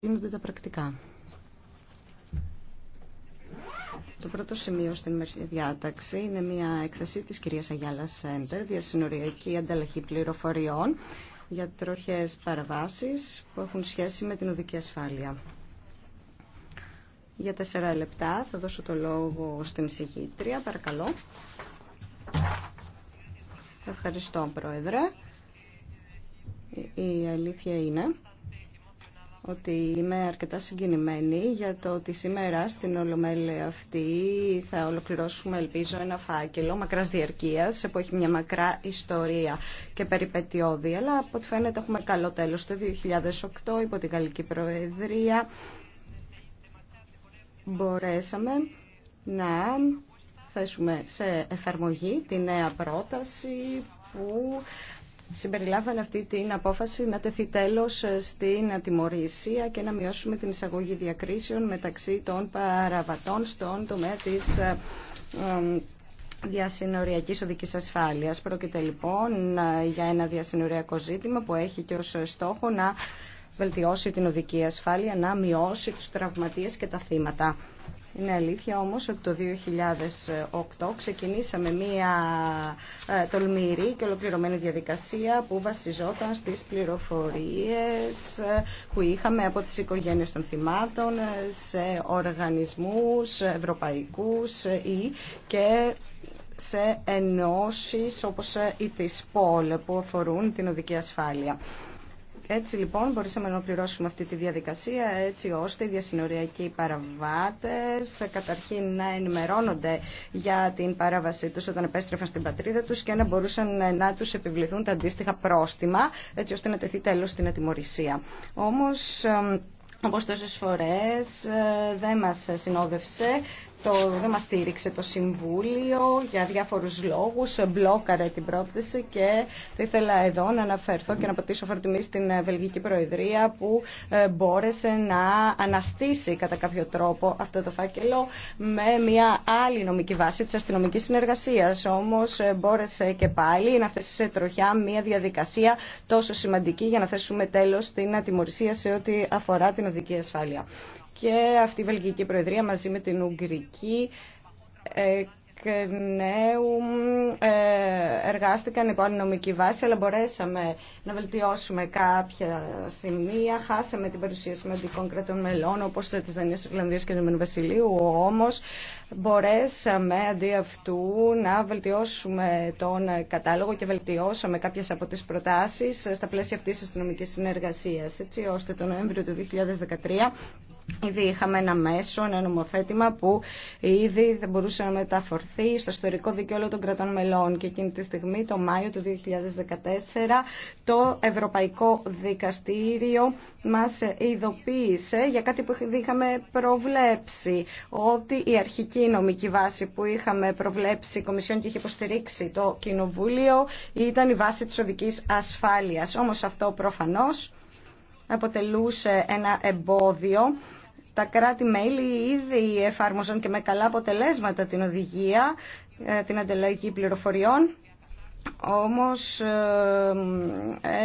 Γίνονται τα πρακτικά. Το πρώτο σημείο στην διάταξη είναι μια έκθεση της κυρίας Αγιάλα Σέντερ, διασυνοριακή ανταλλαγή πληροφοριών για τροχές παραβάσεις που έχουν σχέση με την οδική ασφάλεια. Για τέσσερα λεπτά θα δώσω το λόγο στην συγκήτρια. Παρακαλώ. Ευχαριστώ, Πρόεδρε. Η αλήθεια είναι ότι είμαι αρκετά συγκινημένη για το ότι σήμερα στην Ολομέλη αυτή θα ολοκληρώσουμε, ελπίζω, ένα φάκελο μακράς διαρκείας που έχει μια μακρά ιστορία και περιπετειώδη. Αλλά από ό,τι φαίνεται έχουμε καλό τέλος. Το 2008 υπό την Γαλλική Προεδρία μπορέσαμε να θέσουμε σε εφαρμογή τη νέα πρόταση που συμπεριλάβανε αυτή την απόφαση να τεθεί τέλος ε, στην ατιμορρησία και να μειώσουμε την εισαγωγή διακρίσεων μεταξύ των παραβατών στον τομέα της ε, διασυνοριακή οδική ασφάλεια. Πρόκειται λοιπόν ε, για ένα διασυνοριακό ζήτημα που έχει και ω στόχο να βελτιώσει την οδική ασφάλεια, να μειώσει τους τραυματίε και τα θύματα. Είναι αλήθεια όμως ότι το 2008 ξεκινήσαμε μία ε, τολμηρή και ολοκληρωμένη διαδικασία που βασιζόταν στις πληροφορίες ε, που είχαμε από τις οικογένειες των θυμάτων ε, σε οργανισμούς ευρωπαϊκούς ή και σε ενώσεις όπως η της ΠΟΛ που αφορούν την οδική ασφάλεια. Έτσι λοιπόν μπορούσαμε να ολοκληρώσουμε αυτή τη διαδικασία έτσι ώστε οι διασυνοριακοί παραβάτες καταρχήν να ενημερώνονται για την παράβασή τους όταν επέστρεφαν στην πατρίδα τους και να μπορούσαν ε, να τους επιβληθούν τα αντίστοιχα πρόστιμα έτσι ώστε να τεθεί τέλος στην ατιμορρησία. Όμως όπως τόσες φορές ε, δεν μας συνόδευσε το, δεν μας στήριξε το Συμβούλιο για διάφορους λόγους, μπλόκαρε την πρόθεση και θα ήθελα εδώ να αναφερθώ και να πατήσω φορτιμή στην ε, Βελγική Προεδρία που ε, μπόρεσε να αναστήσει κατά κάποιο τρόπο αυτό το φάκελο με μια άλλη νομική βάση της αστυνομικής συνεργασίας. Όμως ε, μπόρεσε και πάλι να θέσει σε τροχιά μια διαδικασία τόσο σημαντική για να θέσουμε τέλος στην ατιμορρυσία σε ό,τι αφορά την οδική ασφάλεια και αυτή η Βελγική Προεδρία μαζί με την Ουγγρική ε, εκ νέου ε, εργάστηκαν υπό νομική βάση, αλλά μπορέσαμε να βελτιώσουμε κάποια σημεία. Χάσαμε την παρουσία σημαντικών κρατών μελών, όπως της Δανίας, Ιρλανδίας και του Βασιλείου, όμως μπορέσαμε αντί αυτού να βελτιώσουμε τον κατάλογο και βελτιώσαμε κάποιες από τις προτάσεις στα πλαίσια αυτής της αστυνομικής συνεργασίας, έτσι ώστε τον Νοέμβριο του 2013 Ήδη είχαμε ένα μέσο, ένα νομοθέτημα που ήδη δεν μπορούσε να μεταφορθεί στο ιστορικό δικαίωμα των κρατών μελών και εκείνη τη στιγμή, το Μάιο του 2014, το Ευρωπαϊκό Δικαστήριο μας ειδοποίησε για κάτι που είχαμε προβλέψει, ότι η αρχική νομική βάση που είχαμε προβλέψει η Κομισιόν και είχε υποστηρίξει το Κοινοβούλιο ήταν η βάση της οδικής ασφάλειας. Όμως αυτό προφανώς αποτελούσε ένα εμπόδιο τα κράτη-μέλη ήδη εφάρμοζαν και με καλά αποτελέσματα την οδηγία, ε, την ανταλλαγή πληροφοριών. Όμως ε,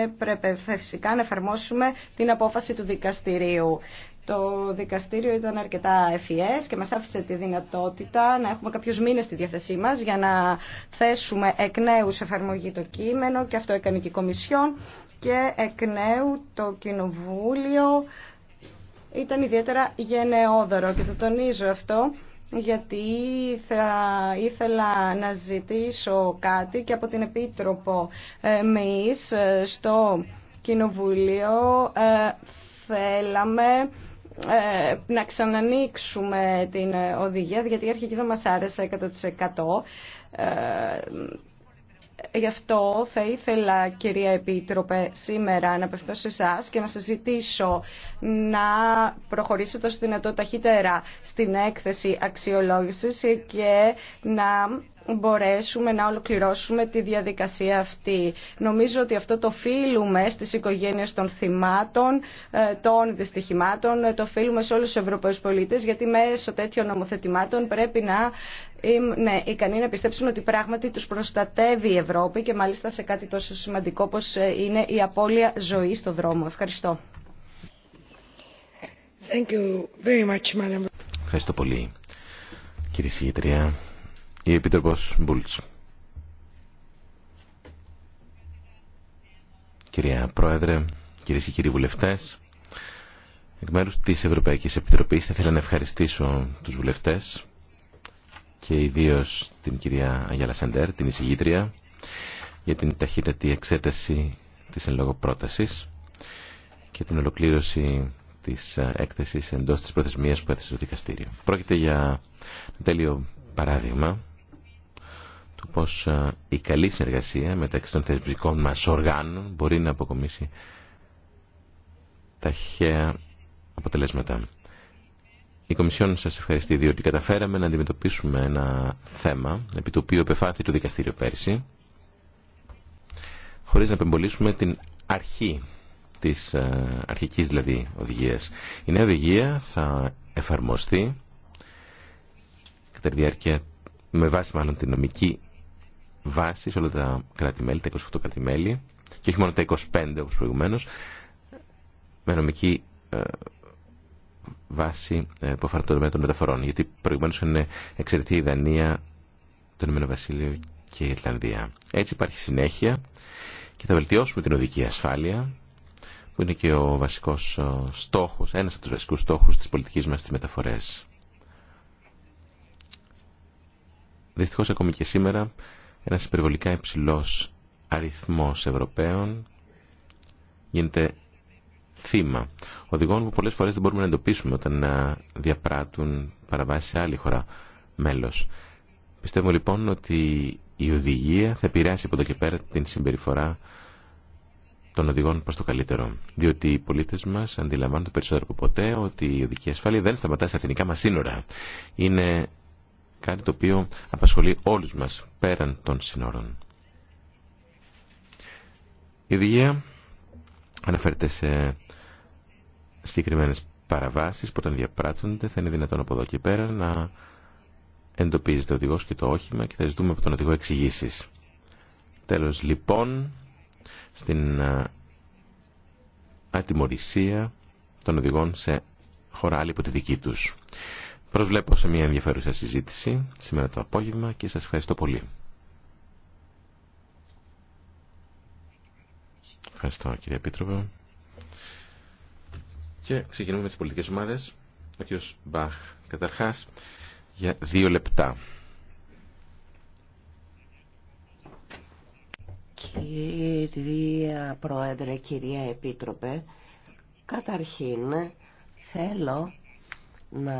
έπρεπε φυσικά να εφαρμόσουμε την απόφαση του δικαστηρίου. Το δικαστήριο ήταν αρκετά ευφυές και μας άφησε τη δυνατότητα να έχουμε κάποιους μήνες στη διάθεσή μας για να θέσουμε εκ νέου σε εφαρμογή το κείμενο και αυτό έκανε και η Κομισιόν και εκ νέου το Κοινοβούλιο ήταν ιδιαίτερα γενναιόδωρο και το τονίζω αυτό γιατί θα ήθελα να ζητήσω κάτι και από την Επίτροπο ΜΕΙΣ στο Κοινοβουλίο ε, θέλαμε ε, να ξανανοίξουμε την οδηγία γιατί η αρχική δεν μας άρεσε 100% Γι' αυτό θα ήθελα, κυρία Επίτροπε, σήμερα να απευθώ σε εσά και να σας ζητήσω να προχωρήσετε όσο δυνατό ταχύτερα στην έκθεση αξιολόγησης και να μπορέσουμε να ολοκληρώσουμε τη διαδικασία αυτή. Νομίζω ότι αυτό το φίλουμε στις οικογένειες των θυμάτων, ε, των δυστυχημάτων, ε, το φίλουμε σε όλους τους Ευρωπαίους πολίτες, γιατί μέσω τέτοιων νομοθετημάτων πρέπει να είναι ικανοί να πιστέψουν ότι πράγματι τους προστατεύει η Ευρώπη και μάλιστα σε κάτι τόσο σημαντικό όπως ε, είναι η απώλεια ζωή στο δρόμο. Ευχαριστώ. Thank you very much, Ευχαριστώ πολύ, κύριε Συγητρία η Επίτροπος Μπούλτς. Κυρία Πρόεδρε, κυρίες και κύριοι βουλευτές, εκ μέρους της Ευρωπαϊκής Επιτροπής θα ήθελα να ευχαριστήσω τους βουλευτές και ιδίως την κυρία Αγιάλα Σεντέρ, την εισηγήτρια, για την ταχύτατη εξέταση της εν λόγω πρότασης και την ολοκλήρωση της ε, έκθεσης εντός της προθεσμίας που έθεσε το δικαστήριο. Πρόκειται για τέλειο παράδειγμα πως ε, η καλή συνεργασία μεταξύ των θεσμικών μας οργάνων μπορεί να αποκομίσει ταχαία αποτελέσματα. Η Κομισιόν σας ευχαριστεί διότι καταφέραμε να αντιμετωπίσουμε ένα θέμα επί το οποίο επεφάθη το δικαστήριο πέρσι χωρίς να επεμπολίσουμε την αρχή της ε, αρχικής δηλαδή οδηγίας. Η νέα οδηγία θα εφαρμοστεί κατά τη διάρκεια με βάση μάλλον την νομική βάση σε όλα τα κρατη τα 28 κρατη και όχι μόνο τα 25 όπως προηγουμένω, με νομική ε, βάση ε, που αφορά το των μεταφορών γιατί προηγουμένω είναι εξαιρετική η Δανία, το Ηνωμένο Βασίλειο και η Ιρλανδία. Έτσι υπάρχει συνέχεια και θα βελτιώσουμε την οδική ασφάλεια που είναι και ο βασικός στόχος, ένας από τους βασικούς στόχους της πολιτικής μας στις μεταφορές. Δυστυχώς ακόμη και σήμερα ένας υπερβολικά υψηλός αριθμός Ευρωπαίων γίνεται θύμα οδηγών που πολλές φορές δεν μπορούμε να εντοπίσουμε όταν να διαπράττουν παραβάσει σε άλλη χώρα μέλος. Πιστεύω λοιπόν ότι η οδηγία θα επηρεάσει από εδώ και πέρα την συμπεριφορά των οδηγών προς το καλύτερο. Διότι οι πολίτες μας αντιλαμβάνονται περισσότερο από ποτέ ότι η οδική ασφάλεια δεν σταματά στα εθνικά μας σύνορα. Είναι κάτι το οποίο απασχολεί όλους μας πέραν των σύνορων. Η οδηγία αναφέρεται σε συγκεκριμένες παραβάσεις που όταν διαπράττονται θα είναι δυνατόν από εδώ και πέρα να εντοπίζεται ο οδηγός και το όχημα και θα ζητούμε από τον οδηγό εξηγήσει. Τέλος λοιπόν, στην ατιμορρησία των οδηγών σε χώρα άλλη από τη δική τους. Προσβλέπω σε μια ενδιαφέρουσα συζήτηση σήμερα το απόγευμα και σας ευχαριστώ πολύ. Ευχαριστώ κύριε Επίτροπε. Και ξεκινούμε με τις πολιτικές ομάδες. Ο κύριος Μπαχ καταρχάς για δύο λεπτά. Κυρία Πρόεδρε, κυρία Επίτροπε, καταρχήν θέλω να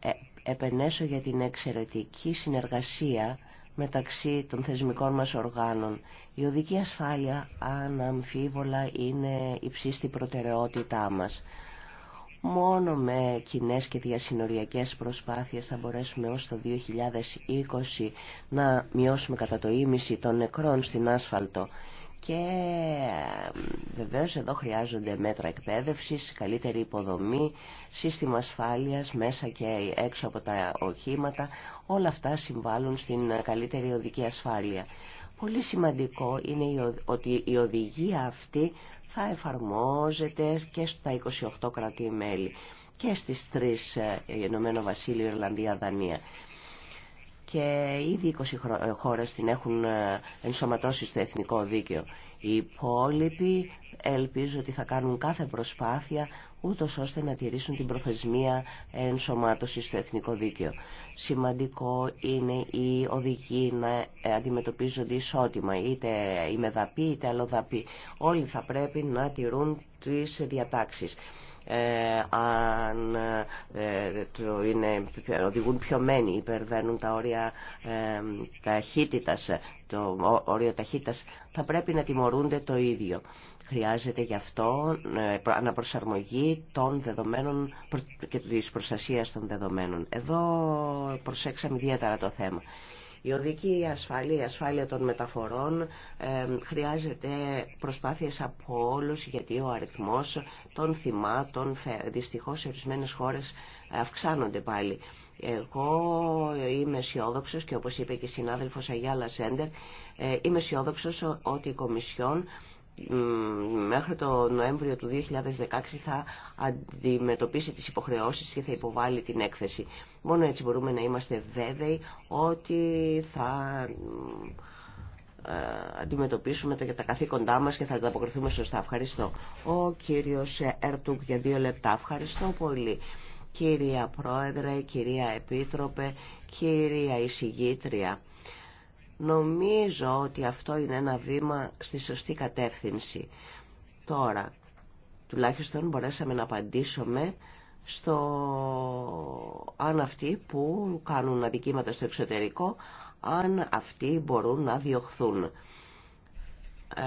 ε, επενέσω για την εξαιρετική συνεργασία μεταξύ των θεσμικών μας οργάνων. Η οδική ασφάλεια αναμφίβολα είναι υψίστη προτεραιότητά μας. Μόνο με κοινέ και διασυνοριακές προσπάθειες θα μπορέσουμε ως το 2020 να μειώσουμε κατά το ίμιση των νεκρών στην άσφαλτο και ε, βεβαίως εδώ χρειάζονται μέτρα εκπαίδευσης, καλύτερη υποδομή, σύστημα ασφάλειας μέσα και έξω από τα οχήματα. Όλα αυτά συμβάλλουν στην καλύτερη οδική ασφάλεια. Πολύ σημαντικό είναι ότι η οδηγία αυτή θα εφαρμόζεται και στα 28 κρατή-μέλη και στις 3 ε, Ηνωμένο Βασίλειο, Ιρλανδία, Δανία και ήδη 20 χώρες την έχουν ε, ενσωματώσει στο εθνικό δίκαιο. Οι υπόλοιποι ελπίζω ότι θα κάνουν κάθε προσπάθεια ούτως ώστε να τηρήσουν την προθεσμία ενσωμάτωση στο εθνικό δίκαιο. Σημαντικό είναι οι οδηγοί να ε, αντιμετωπίζονται ισότιμα, είτε η μεδαπή είτε αλλοδαπή. Όλοι θα πρέπει να τηρούν τις διατάξεις. Ε, αν ε, είναι, οδηγούν πιωμένοι, υπερβαίνουν τα όρια ε, ταχύτητας, το όριο ταχύτητας, θα πρέπει να τιμωρούνται το ίδιο. Χρειάζεται γι' αυτό αναπροσαρμογή των δεδομένων και της προστασίας των δεδομένων. Εδώ προσέξαμε ιδιαίτερα το θέμα. Η οδική ασφάλεια, η ασφάλεια των μεταφορών ε, χρειάζεται προσπάθειες από όλους γιατί ο αριθμός των θυμάτων δυστυχώς σε ορισμένες χώρες ε, αυξάνονται πάλι. Εγώ είμαι αισιόδοξο και όπως είπε και η συνάδελφος Αγιάλα Σέντερ, ε, είμαι αισιόδοξο ότι η Κομισιόν μέχρι το Νοέμβριο του 2016 θα αντιμετωπίσει τις υποχρεώσεις και θα υποβάλει την έκθεση. Μόνο έτσι μπορούμε να είμαστε βέβαιοι ότι θα ε, αντιμετωπίσουμε τα καθήκοντά μας και θα ανταποκριθούμε σωστά. Ευχαριστώ. Ο κύριος Ερτούκ για δύο λεπτά. Ευχαριστώ πολύ. Κυρία Πρόεδρε, κυρία Επίτροπε, κυρία Εισηγήτρια. Νομίζω ότι αυτό είναι ένα βήμα στη σωστή κατεύθυνση. Τώρα, τουλάχιστον μπορέσαμε να απαντήσουμε στο αν αυτοί που κάνουν αδικήματα στο εξωτερικό, αν αυτοί μπορούν να διωχθούν ε,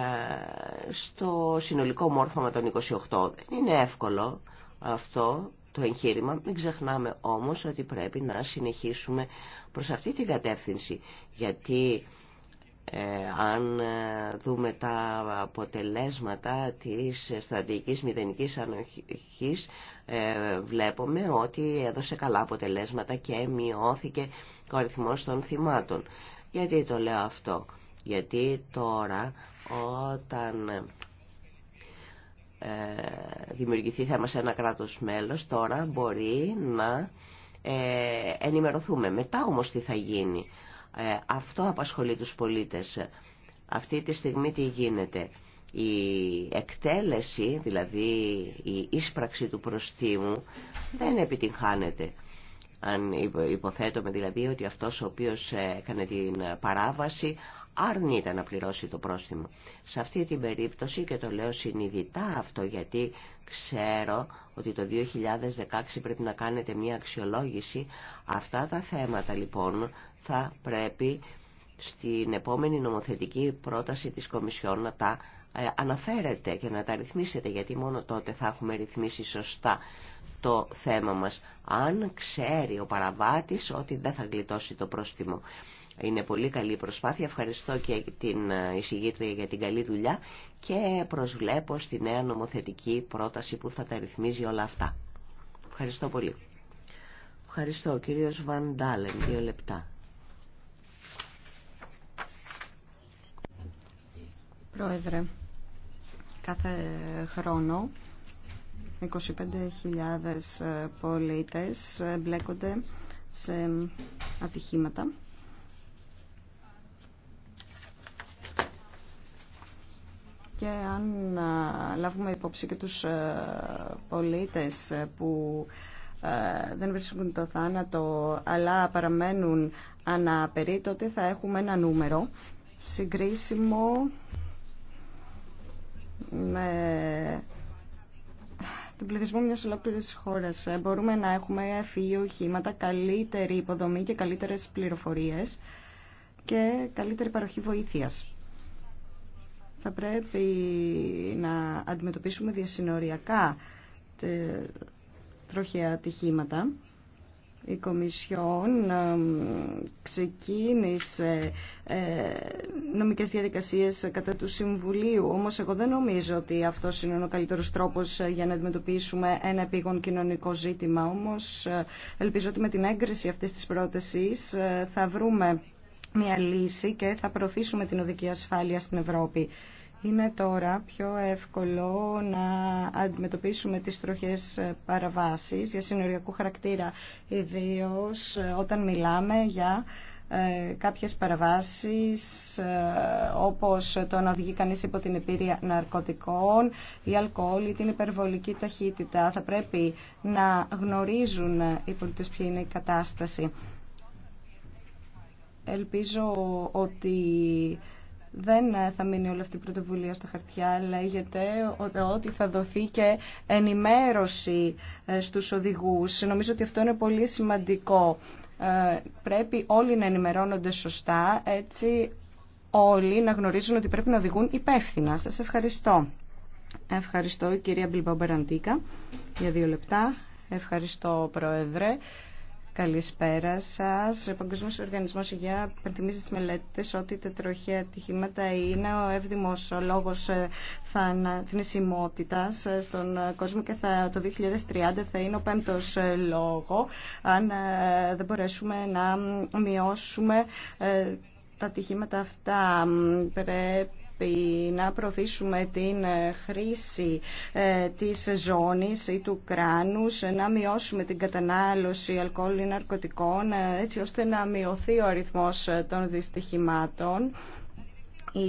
στο συνολικό μόρφωμα των 28. Δεν είναι εύκολο αυτό το εγχείρημα. Μην ξεχνάμε όμως ότι πρέπει να συνεχίσουμε προς αυτή την κατεύθυνση. Γιατί ε, αν ε, δούμε τα αποτελέσματα της στρατηγικής μηδενικής ανοχής ε, βλέπουμε ότι έδωσε καλά αποτελέσματα και μειώθηκε ο αριθμός των θυμάτων. Γιατί το λέω αυτό. Γιατί τώρα όταν ε, δημιουργηθεί θέμα σε ένα κράτος μέλος, τώρα μπορεί να ε, ενημερωθούμε. Μετά όμως τι θα γίνει. Ε, αυτό απασχολεί τους πολίτες. Αυτή τη στιγμή τι γίνεται. Η εκτέλεση, δηλαδή η ίσπραξη του προστίμου δεν επιτυγχάνεται. Αν υποθέτουμε δηλαδή ότι αυτός ο οποίος έκανε την παράβαση άρνητα να πληρώσει το πρόστιμο. Σε αυτή την περίπτωση και το λέω συνειδητά αυτό γιατί ξέρω ότι το 2016 πρέπει να κάνετε μια αξιολόγηση. Αυτά τα θέματα λοιπόν θα πρέπει στην επόμενη νομοθετική πρόταση της Κομισιόν να τα ε, αναφέρετε και να τα ρυθμίσετε γιατί μόνο τότε θα έχουμε ρυθμίσει σωστά το θέμα μας. Αν ξέρει ο παραβάτης ότι δεν θα γλιτώσει το πρόστιμο. Είναι πολύ καλή η προσπάθεια. Ευχαριστώ και την ε, εισηγήτρια για την καλή δουλειά και προσβλέπω στη νέα νομοθετική πρόταση που θα τα ρυθμίζει όλα αυτά. Ευχαριστώ πολύ. Ευχαριστώ. Κύριος Βαντάλεν, δύο λεπτά. Πρόεδρε, κάθε χρόνο 25.000 πολίτες μπλέκονται σε ατυχήματα και αν ε, λάβουμε υπόψη και τους ε, πολίτες ε, που δεν βρίσκουν το θάνατο αλλά παραμένουν αναπερίτωτοι, θα έχουμε ένα νούμερο συγκρίσιμο με τον πληθυσμό μιας ολόκληρης χώρας. Μπορούμε να έχουμε φύγει οχήματα, καλύτερη υποδομή και καλύτερες πληροφορίες και καλύτερη παροχή βοήθειας θα πρέπει να αντιμετωπίσουμε διασυνοριακά τροχαία ατυχήματα. Η Κομισιόν ξεκίνησε ε, νομικές διαδικασίες κατά του Συμβουλίου, όμως εγώ δεν νομίζω ότι αυτό είναι ο καλύτερος τρόπος ε, για να αντιμετωπίσουμε ένα επίγον κοινωνικό ζήτημα. Όμως ε, ελπίζω ότι με την έγκριση αυτής της πρότασης θα βρούμε μια λύση και θα προωθήσουμε την οδική ασφάλεια στην Ευρώπη. Είναι τώρα πιο εύκολο να αντιμετωπίσουμε τις τροχές παραβάσεις για συνοριακού χαρακτήρα, ιδίως όταν μιλάμε για ε, κάποιες παραβάσεις ε, όπως το να οδηγεί κανείς υπό την επίρρεια ναρκωτικών ή αλκοόλ ή την υπερβολική ταχύτητα. Θα πρέπει να γνωρίζουν οι πολίτες ποια είναι η κατάσταση. Ελπίζω ότι δεν θα μείνει όλη αυτή η πρωτοβουλία στα χαρτιά. Λέγεται ότι θα δοθεί και ενημέρωση ε, στους οδηγούς. Νομίζω ότι αυτό είναι πολύ σημαντικό. Ε, πρέπει όλοι να ενημερώνονται σωστά, έτσι όλοι να γνωρίζουν ότι πρέπει να οδηγούν υπεύθυνα. Σας ευχαριστώ. Ευχαριστώ η κυρία Μπιλμπαμπεραντίκα για δύο λεπτά. Ευχαριστώ Πρόεδρε. Καλησπέρα σα. Ο Παγκοσμίο Οργανισμό Υγεία υπενθυμίζει στι μελέτε ότι τα τροχαία ατυχήματα είναι ο έβδημο λόγο ε, θνησιμότητα ε, στον ε, κόσμο και θα, το 2030 θα είναι ο πέμπτο λόγο αν δεν μπορέσουμε να μειώσουμε τα ατυχήματα αυτά. Πρέπει να προωθήσουμε την ε, χρήση ε, της ζώνης ή του κράνους, να μειώσουμε την κατανάλωση αλκοόλ ή ναρκωτικών, ε, έτσι ώστε να μειωθεί ο αριθμός των δυστυχημάτων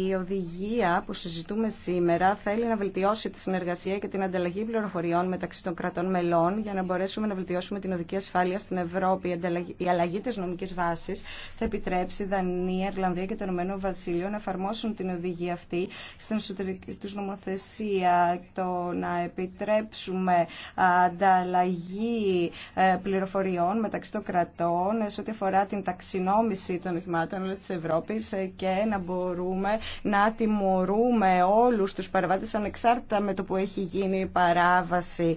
η οδηγία που συζητούμε σήμερα θέλει να βελτιώσει τη συνεργασία και την ανταλλαγή πληροφοριών μεταξύ των κρατών μελών για να μπορέσουμε να βελτιώσουμε την οδική ασφάλεια στην Ευρώπη. Η αλλαγή τη νομική βάση θα επιτρέψει Δανία, Ιρλανδία και το Ηνωμένο Βασίλειο να εφαρμόσουν την οδηγία αυτή στην εσωτερική του νομοθεσία. Το να επιτρέψουμε ανταλλαγή ε, πληροφοριών μεταξύ των κρατών σε ό,τι αφορά την ταξινόμηση των οχημάτων τη Ευρώπη ε, και να μπορούμε να τιμωρούμε όλους τους παραβάτες ανεξάρτητα με το που έχει γίνει η παράβαση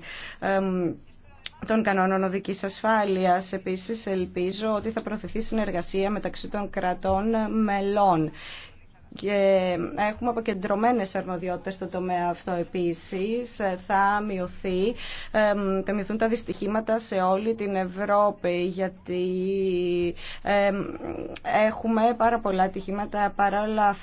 των κανόνων οδικής ασφάλειας. Επίσης, ελπίζω ότι θα προωθηθεί συνεργασία μεταξύ των κρατών μελών και έχουμε αποκεντρωμένες αρμοδιότητες στο τομέα αυτό επίσης. Θα, μειωθεί, θα μειωθούν τα δυστυχήματα σε όλη την Ευρώπη γιατί έχουμε πάρα πολλά ατυχήματα παρά όλα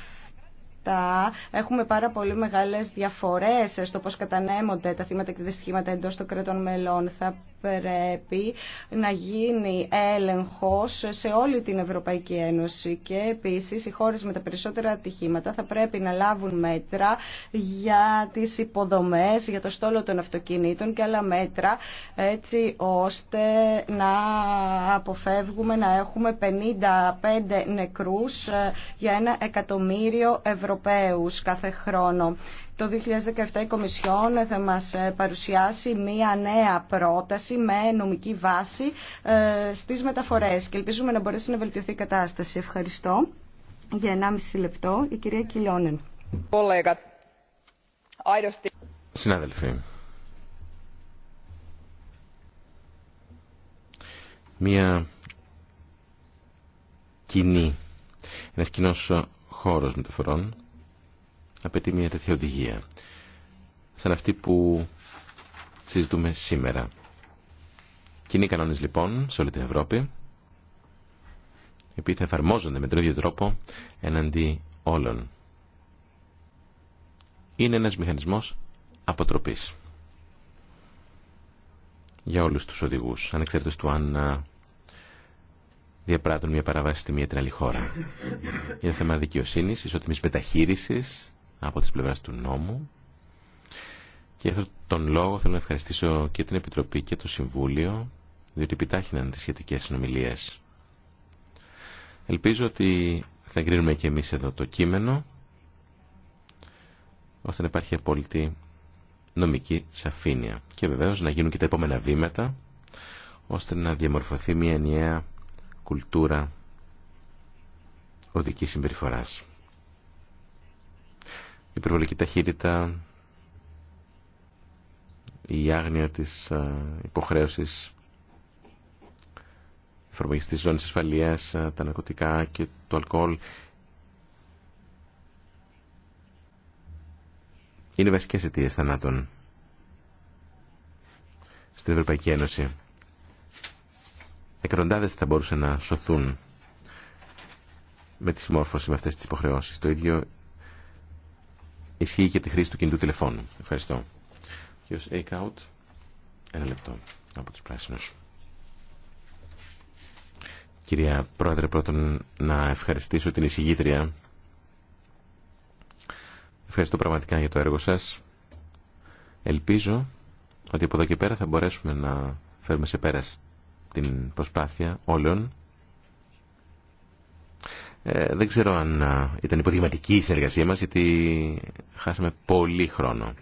έχουμε πάρα πολύ μεγάλες διαφορές στο πώς κατανέμονται τα θύματα και τα δυστυχήματα εντός των κρατών μελών. Θα πρέπει να γίνει έλεγχος σε όλη την Ευρωπαϊκή Ένωση και επίσης οι χώρες με τα περισσότερα ατυχήματα θα πρέπει να λάβουν μέτρα για τις υποδομές, για το στόλο των αυτοκινήτων και άλλα μέτρα έτσι ώστε να αποφεύγουμε να έχουμε 55 νεκρούς ε, για ένα εκατομμύριο Ευρωπαίους κάθε χρόνο. Το 2017 η Κομισιόν θα μας ε, παρουσιάσει μία νέα πρόταση με νομική βάση ε, στις μεταφορές και ελπίζουμε να μπορέσει να βελτιωθεί η κατάσταση. Ευχαριστώ. Για 1,5 λεπτό η κυρία Κιλιόνεν. Συνάδελφοι, μία κοινή, ένας κοινός χώρος μεταφορών απαιτεί μια τέτοια οδηγία, σαν αυτή που συζητούμε σήμερα. Κοινοί κανόνες λοιπόν σε όλη την Ευρώπη, οι οποίοι θα εφαρμόζονται με τον ίδιο τρόπο εναντί όλων. Είναι ένας μηχανισμός αποτροπής για όλους τους οδηγούς, ανεξάρτητος του αν διαπράττουν μια παραβάση στη μία την άλλη χώρα. Είναι θέμα δικαιοσύνης, ισότιμης μεταχείρισης, από τις πλευράς του νόμου και αυτόν τον λόγο θέλω να ευχαριστήσω και την Επιτροπή και το Συμβούλιο διότι επιτάχυναν τις σχετικές συνομιλίες. Ελπίζω ότι θα εγκρίνουμε και εμείς εδώ το κείμενο ώστε να υπάρχει απόλυτη νομική σαφήνεια και βεβαίως να γίνουν και τα επόμενα βήματα ώστε να διαμορφωθεί μια ενιαία κουλτούρα οδικής συμπεριφοράς η υπερβολική ταχύτητα, η άγνοια της ε, υποχρέωσης εφαρμογής της ζώνης ασφαλείας, ε, τα ναρκωτικά και το αλκοόλ. Είναι βασικές αιτίες θανάτων στην Ευρωπαϊκή Ένωση. Εκατοντάδες θα μπορούσαν να σωθούν με τη συμμόρφωση με αυτές τις υποχρεώσεις. Το ίδιο ισχύει και τη χρήση του κινητού τηλεφώνου. Ευχαριστώ. Κύριος ένα λεπτό από τους πράσινους. Κυρία Πρόεδρε, πρώτον να ευχαριστήσω την εισηγήτρια. Ευχαριστώ πραγματικά για το έργο σας. Ελπίζω ότι από εδώ και πέρα θα μπορέσουμε να φέρουμε σε πέρα την προσπάθεια όλων ε, δεν ξέρω αν ήταν υποδηματική η συνεργασία μας, γιατί χάσαμε πολύ χρόνο.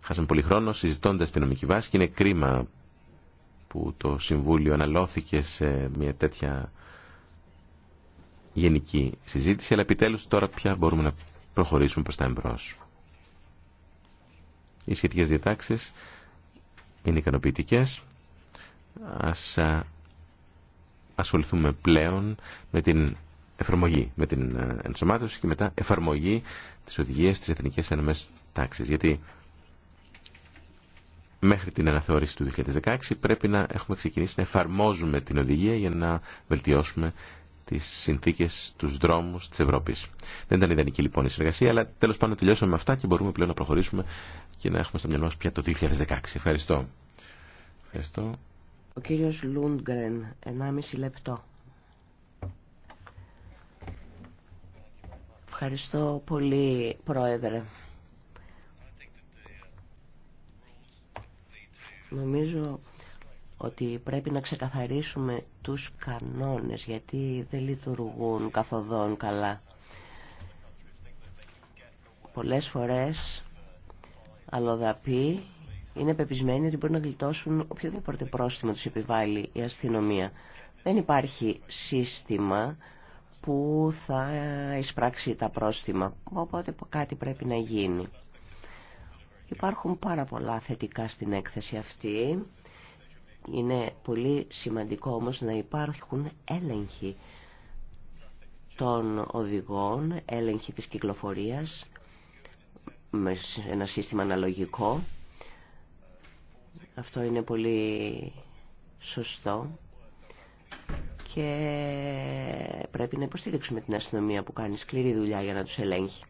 Χάσαμε πολύ χρόνο συζητώντας την νομική βάση και είναι κρίμα που το Συμβούλιο αναλώθηκε σε μια τέτοια γενική συζήτηση, αλλά επιτέλους τώρα πια μπορούμε να προχωρήσουμε προς τα εμπρός. Οι σχετικές διατάξεις είναι ικανοποιητικέ. Ας ασχοληθούμε πλέον με την εφαρμογή, με την ε, ενσωμάτωση και μετά εφαρμογή της οδηγίας της Εθνικής Ένωμες Τάξης. Γιατί μέχρι την αναθεώρηση του 2016 πρέπει να έχουμε ξεκινήσει να εφαρμόζουμε την οδηγία για να βελτιώσουμε τις συνθήκες, τους δρόμους της Ευρώπης. Δεν ήταν ιδανική λοιπόν η συνεργασία, αλλά τέλος πάντων τελειώσαμε με αυτά και μπορούμε πλέον να προχωρήσουμε και να έχουμε στο μυαλό μας πια το 2016. Ευχαριστώ. Ευχαριστώ. Ο κύριος Λούντγκρεν, 1,5 λεπτό. Ευχαριστώ πολύ, Πρόεδρε. Νομίζω ότι πρέπει να ξεκαθαρίσουμε τους κανόνες, γιατί δεν λειτουργούν καθοδόν καλά. Πολλές φορές αλλοδαποί είναι πεπισμένοι ότι μπορεί να γλιτώσουν οποιοδήποτε πρόστιμο τους επιβάλλει η αστυνομία. Δεν υπάρχει σύστημα που θα εισπράξει τα πρόστιμα. Οπότε κάτι πρέπει να γίνει. Υπάρχουν πάρα πολλά θετικά στην έκθεση αυτή. Είναι πολύ σημαντικό όμως να υπάρχουν έλεγχοι των οδηγών, έλεγχοι της κυκλοφορίας με ένα σύστημα αναλογικό. Αυτό είναι πολύ σωστό και πρέπει να υποστηρίξουμε την αστυνομία που κάνει σκληρή δουλειά για να τους ελέγχει.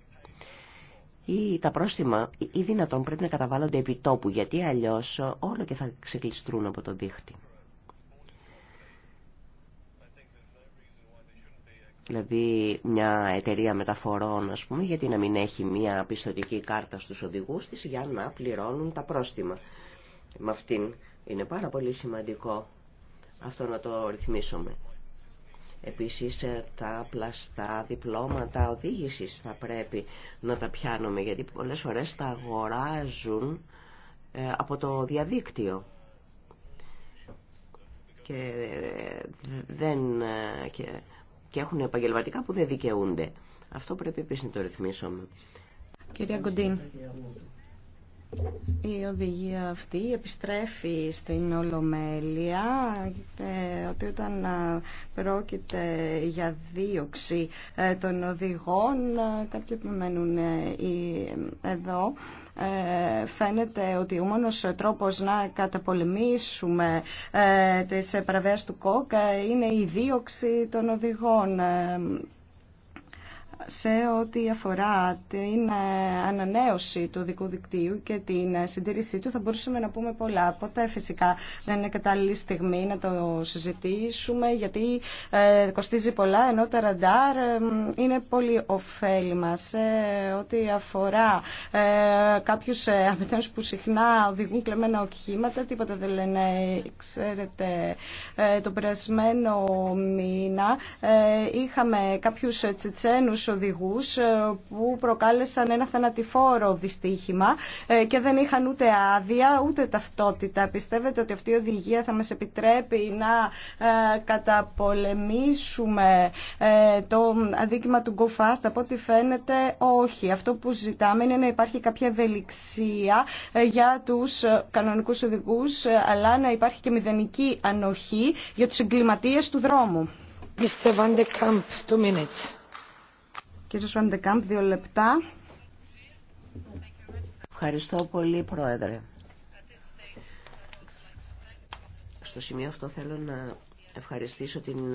Ή τα πρόστιμα ή δυνατόν πρέπει να καταβάλλονται επί τόπου, γιατί αλλιώς όλο και θα ξεκλειστρούν από το δίχτυ. Δηλαδή μια εταιρεία μεταφορών, ας πούμε, γιατί να μην έχει μια πιστοτική κάρτα στους οδηγούς της για να πληρώνουν τα πρόστιμα. Με αυτήν είναι πάρα πολύ σημαντικό αυτό να το ρυθμίσουμε. Επίσης ε, τα πλαστά διπλώματα οδήγησης θα πρέπει να τα πιάνουμε γιατί πολλές φορές τα αγοράζουν ε, από το διαδίκτυο και, ε, δεν, και, έχουν επαγγελματικά που δεν δικαιούνται. Αυτό πρέπει επίσης να το ρυθμίσουμε. Κυρία η οδηγία αυτή επιστρέφει στην Ολομέλεια ε, ότι όταν ε, πρόκειται για δίωξη ε, των οδηγών κάποιοι που μένουν εδώ φαίνεται ότι ο μόνος τρόπος να καταπολεμήσουμε τις παραβέας του ΚΟΚ είναι η δίωξη των οδηγών σε ό,τι αφορά την ε, ανανέωση του δικού δικτύου και την ε, συντήρησή του θα μπορούσαμε να πούμε πολλά. Ποτέ φυσικά δεν είναι κατάλληλη στιγμή να το συζητήσουμε γιατί ε, κοστίζει πολλά ενώ τα ραντάρ είναι πολύ ωφέλιμα σε ό,τι αφορά κάποιους αμυντές που συχνά οδηγούν κλεμμένα οχήματα τίποτα δεν λένε ξέρετε το περασμένο μήνα είχαμε κάποιους ε, που προκάλεσαν ένα θανατηφόρο δυστύχημα ε, και δεν είχαν ούτε άδεια ούτε ταυτότητα. Πιστεύετε ότι αυτή η οδηγία θα μας επιτρέπει να ε, καταπολεμήσουμε το αδίκημα του GoFast Από ό,τι φαίνεται όχι. Αυτό που ζητάμε είναι να υπάρχει κάποια ευελιξία για τους κανονικούς οδηγού, αλλά να υπάρχει και μηδενική ανοχή για τους εγκληματίες του δρόμου. Mr. Van de Κύριε Σουαντεκάμπ, δύο λεπτά. Ευχαριστώ πολύ, Πρόεδρε. Στο σημείο αυτό θέλω να ευχαριστήσω την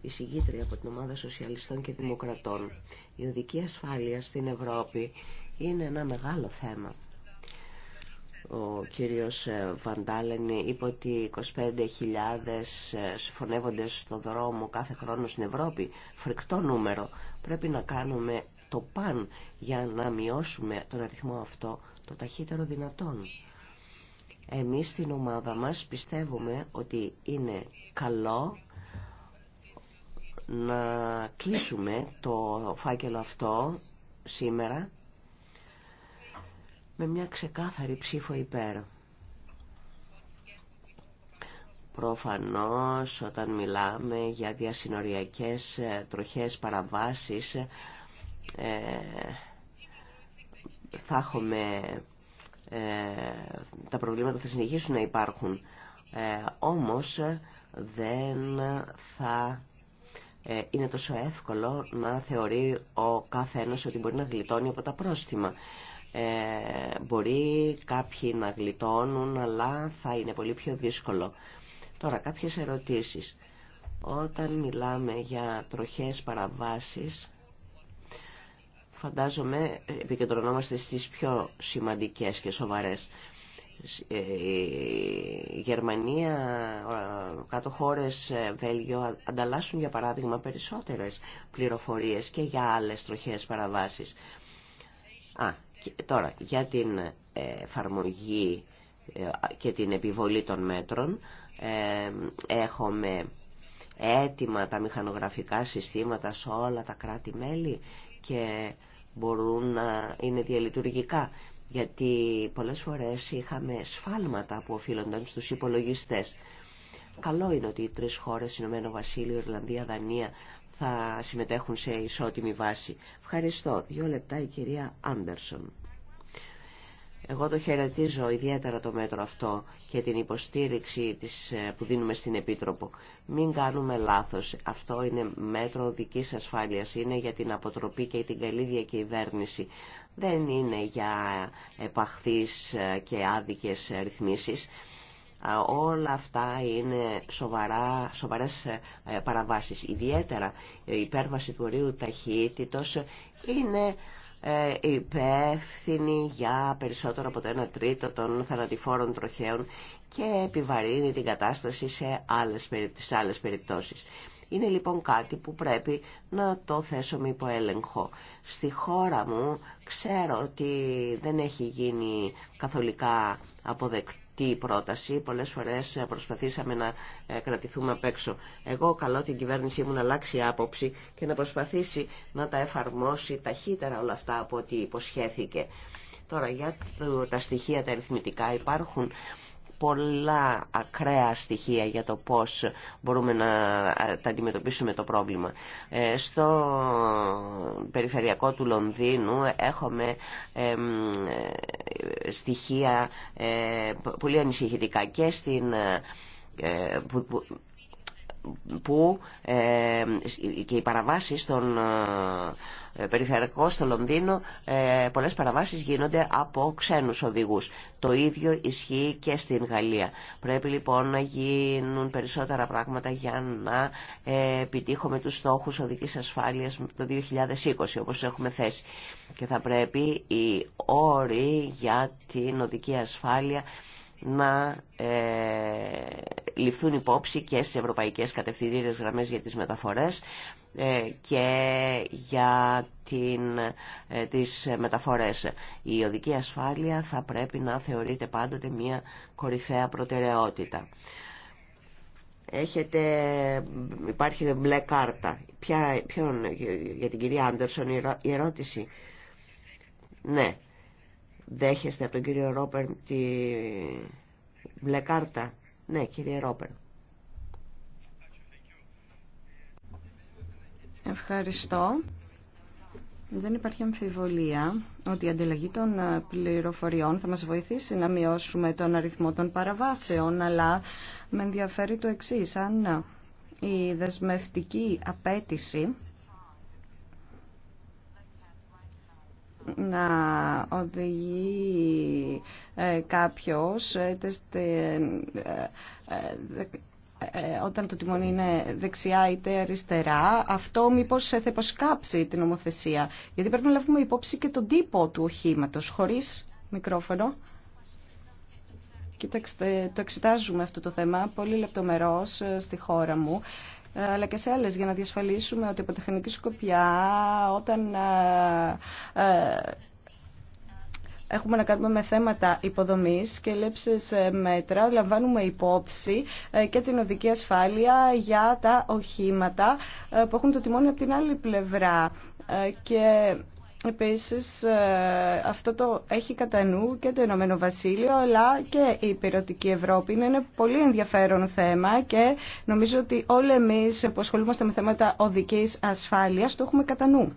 εισηγήτρια από την ομάδα Σοσιαλιστών και Δημοκρατών. Η οδική ασφάλεια στην Ευρώπη είναι ένα μεγάλο θέμα ο κύριος ε, Βαντάλεν είπε ότι 25.000 ε, φωνεύονται στον δρόμο κάθε χρόνο στην Ευρώπη. Φρικτό νούμερο. Πρέπει να κάνουμε το παν για να μειώσουμε τον αριθμό αυτό το ταχύτερο δυνατόν. Εμείς στην ομάδα μας πιστεύουμε ότι είναι καλό να κλείσουμε το φάκελο αυτό σήμερα με μια ξεκάθαρη ψήφο υπέρ. Προφανώς όταν μιλάμε για διασυνοριακές ε, τροχές παραβάσεις ε, θα έχουμε, ε, τα προβλήματα θα συνεχίσουν να υπάρχουν. Όμως δεν θα είναι τόσο εύκολο να θεωρεί ο κάθε ένας ότι μπορεί να γλιτώνει από τα πρόστιμα. Ε, μπορεί κάποιοι να γλιτώνουν, αλλά θα είναι πολύ πιο δύσκολο. Τώρα, κάποιες ερωτήσεις. Όταν μιλάμε για τροχές παραβάσεις, φαντάζομαι επικεντρωνόμαστε στις πιο σημαντικές και σοβαρές. Ε, η Γερμανία, κάτω χώρες, ε, Βέλγιο ανταλλάσσουν για παράδειγμα περισσότερες πληροφορίες και για άλλες τροχές παραβάσεις. Α, Τώρα, για την ε, εφαρμογή ε, και την επιβολή των μέτρων ε, έχουμε έτοιμα τα μηχανογραφικά συστήματα σε όλα τα κράτη-μέλη και μπορούν να είναι διαλειτουργικά. Γιατί πολλές φορές είχαμε σφάλματα που οφείλονταν στους υπολογιστές. Καλό είναι ότι οι τρεις χώρες, Ηνωμένο Βασίλειο, Ιρλανδία, Δανία, θα συμμετέχουν σε ισότιμη βάση. Ευχαριστώ. Δύο λεπτά η κυρία Άντερσον. Εγώ το χαιρετίζω ιδιαίτερα το μέτρο αυτό και την υποστήριξη της, ε, που δίνουμε στην Επίτροπο. Μην κάνουμε λάθος. Αυτό είναι μέτρο δικής ασφάλειας. Είναι για την αποτροπή και την καλή διακυβέρνηση. Δεν είναι για επαχθείς ε, και άδικες ρυθμίσεις όλα αυτά είναι σοβαρά, σοβαρές ε, παραβάσεις. Ιδιαίτερα η υπέρβαση του ορίου ταχύτητος είναι ε, υπεύθυνη για περισσότερο από το 1 τρίτο των θανατηφόρων τροχαίων και επιβαρύνει την κατάσταση σε άλλες, σε άλλες περιπτώσεις. Είναι λοιπόν κάτι που πρέπει να το θέσω υπό έλεγχο. Στη χώρα μου ξέρω ότι δεν έχει γίνει καθολικά αποδεκτό η πρόταση. Πολλές φορές ε, προσπαθήσαμε να ε, κρατηθούμε απ' έξω. Εγώ καλώ την κυβέρνησή μου να αλλάξει άποψη και να προσπαθήσει να τα εφαρμόσει ταχύτερα όλα αυτά από ό,τι υποσχέθηκε. Τώρα για τα στοιχεία τα αριθμητικά υπάρχουν πολλά ακραία στοιχεία για το πώς μπορούμε να ε, τα αντιμετωπίσουμε το πρόβλημα. Ε, στο περιφερειακό του Λονδίνου έχουμε ε, στοιχεία πολύ ανησυχητικά και στην που ε, και οι παραβάσεις στον ε, περιφερειακό στο Λονδίνο ε, πολλές παραβάσεις γίνονται από ξένους οδηγούς. Το ίδιο ισχύει και στην Γαλλία. Πρέπει λοιπόν να γίνουν περισσότερα πράγματα για να επιτύχουμε τους στόχους οδικής ασφάλειας το 2020 όπως έχουμε θέσει. Και θα πρέπει οι όροι για την οδική ασφάλεια να ε, ληφθούν υπόψη και στις ευρωπαϊκές κατευθυντήριες γραμμές για τις μεταφορές ε, και για την, ε, τις μεταφορές. Η οδική ασφάλεια θα πρέπει να θεωρείται πάντοτε μια κορυφαία προτεραιότητα. Έχετε, υπάρχει μπλε κάρτα. Ποια, ποιον, για την κυρία Άντερσον η ερώτηση. Ναι, Δέχεστε από τον κύριο Ρόπερ τη μπλε κάρτα. Ναι, κύριε Ρόπερ. Ευχαριστώ. Δεν υπάρχει αμφιβολία ότι η ανταλλαγή των ε, πληροφοριών θα μας βοηθήσει να μειώσουμε τον αριθμό των παραβάσεων, αλλά με ενδιαφέρει το εξής, αν η δεσμευτική απέτηση να οδηγεί ε, κάποιος ε, ε, όταν το τιμόνι είναι δεξιά είτε αριστερά, αυτό μήπως θα υποσκάψει την νομοθεσία. Γιατί πρέπει να λάβουμε υπόψη και τον τύπο του οχήματος, χωρίς μικρόφωνο. Κοιτάξτε, το εξετάζουμε αυτό το θέμα πολύ λεπτομερώς στη χώρα μου. Ε, αλλά και σε άλλες για να διασφαλίσουμε ότι από τεχνική σκοπιά όταν ε, ε, έχουμε να κάνουμε με θέματα υποδομής και με μέτρα. Λαμβάνουμε υπόψη και την οδική ασφάλεια για τα οχήματα που έχουν το τιμόνι από την άλλη πλευρά. Και Επίσης ε, αυτό το έχει κατά νου και το Ηνωμένο Βασίλειο αλλά και η υπηρετική Ευρώπη. Είναι ένα πολύ ενδιαφέρον θέμα και νομίζω ότι όλοι εμείς που ασχολούμαστε με θέματα οδικής ασφάλειας το έχουμε κατά νου.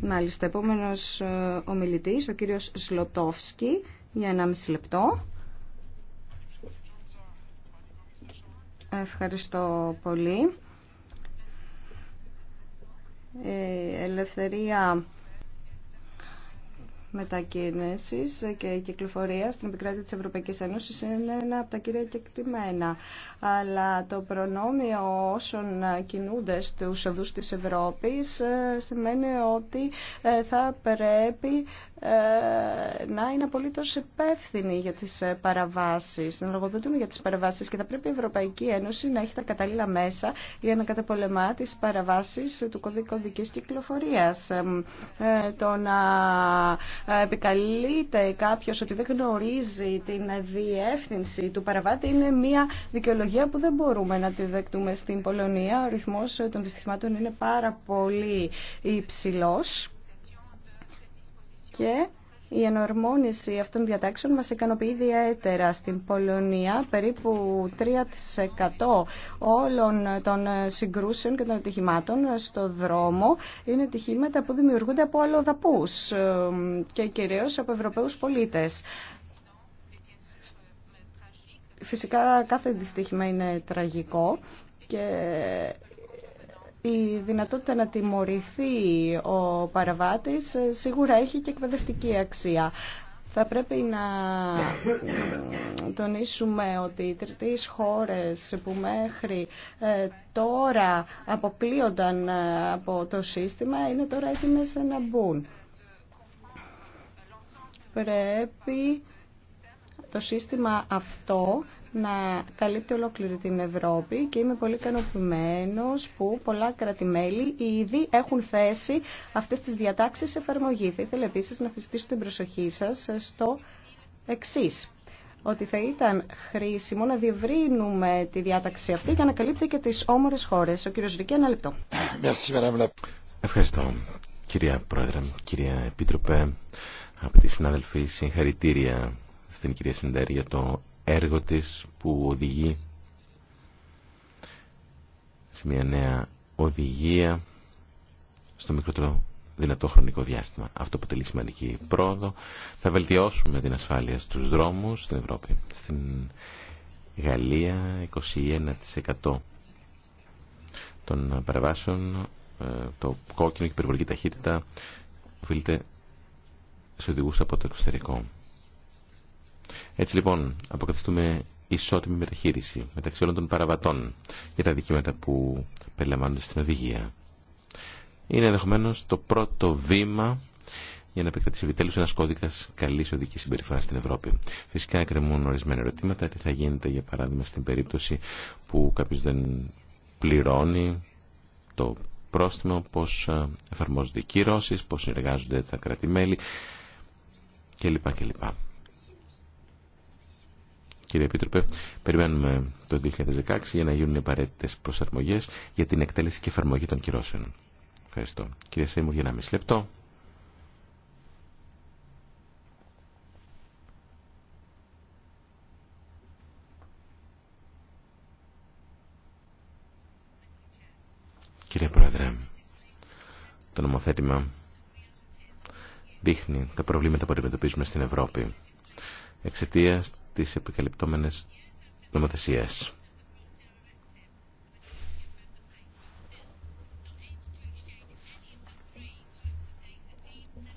Μάλιστα, επόμενος ε, ομιλητής, ο κύριος Σλοτόφσκι, για μισή λεπτό. Ευχαριστώ πολύ η ε, ελευθερία Μετακίνηση και η κυκλοφορία στην επικράτεια της Ευρωπαϊκής Ένωσης είναι ένα από τα κύρια κεκτημένα. Αλλά το προνόμιο όσων κινούνται στους οδούς της Ευρώπης ε, σημαίνει ότι ε, θα πρέπει ε, να είναι απολύτω υπεύθυνοι για τις παραβάσεις, να λογοδοτούν για τις παραβάσεις και θα πρέπει η Ευρωπαϊκή Ένωση να έχει τα κατάλληλα μέσα για να καταπολεμά τις παραβάσεις του κωδικού κυκλοφορίας. το να επικαλείται κάποιος ότι δεν γνωρίζει την διεύθυνση του παραβάτη είναι μια δικαιολογία που δεν μπορούμε να τη δεκτούμε στην Πολωνία. Ο ρυθμός των δυστυχημάτων είναι πάρα πολύ υψηλός και η ενορμόνιση αυτών των διατάξεων μας ικανοποιεί ιδιαίτερα στην Πολωνία. Περίπου 3% όλων των συγκρούσεων και των ατυχημάτων στο δρόμο είναι ατυχήματα που δημιουργούνται από αλλοδαπούς και κυρίως από Ευρωπαίους πολίτες. Φυσικά κάθε δυστύχημα είναι τραγικό και η δυνατότητα να τιμωρηθεί ο παραβάτης ε, σίγουρα έχει και εκπαιδευτική αξία. Θα πρέπει να ε, τονίσουμε ότι οι τριτές χώρες που μέχρι ε, τώρα αποκλείονταν από το σύστημα είναι τώρα έτοιμες να μπουν. Πρέπει το σύστημα αυτό να καλύπτει ολόκληρη την Ευρώπη και είμαι πολύ ικανοποιημένο που πολλά κράτη-μέλη ήδη έχουν θέσει αυτές τις διατάξεις σε εφαρμογή. Θα ήθελα επίσης να φυστήσω την προσοχή σας στο εξή ότι θα ήταν χρήσιμο να διευρύνουμε τη διάταξη αυτή για να καλύπτει και τις όμορες χώρες. Ο κύριος Ρικέ, ένα λεπτό. Ευχαριστώ, κυρία Πρόεδρε, κυρία Επίτροπε, τη συναδελφή, συγχαρητήρια στην κυρία για το έργο της που οδηγεί σε μια νέα οδηγία στο μικρότερο δυνατό χρονικό διάστημα. Αυτό αποτελεί σημαντική πρόοδο. Θα βελτιώσουμε την ασφάλεια στους δρόμους στην Ευρώπη. Στην Γαλλία 21% των παραβάσεων ε, το κόκκινο και η περιβολική ταχύτητα οφείλεται σε οδηγούς από το εξωτερικό. Έτσι λοιπόν αποκαθιστούμε ισότιμη μεταχείριση μεταξύ όλων των παραβατών για τα δικήματα που περιλαμβάνονται στην οδηγία. Είναι ενδεχομένω το πρώτο βήμα για να επικρατήσει επιτέλου ένα κώδικα καλή οδική συμπεριφορά στην Ευρώπη. Φυσικά εκκρεμούν ορισμένα ερωτήματα. Τι θα γίνεται, για παράδειγμα, στην περίπτωση που κάποιο δεν πληρώνει το πρόστιμο, πώ ε, εφαρμόζονται οι κυρώσει, πώ συνεργάζονται τα κράτη-μέλη κλπ. Κύριε Επίτροπε, περιμένουμε το 2016 για να γίνουν οι απαραίτητε προσαρμογέ για την εκτέλεση και εφαρμογή των κυρώσεων. Ευχαριστώ. Κύριε Σέιμου, για ένα μισή λεπτό. Κύριε Πρόεδρε, το νομοθέτημα δείχνει τα προβλήματα που αντιμετωπίζουμε στην Ευρώπη εξαιτία τις επικαλυπτόμενες νομοθεσίες.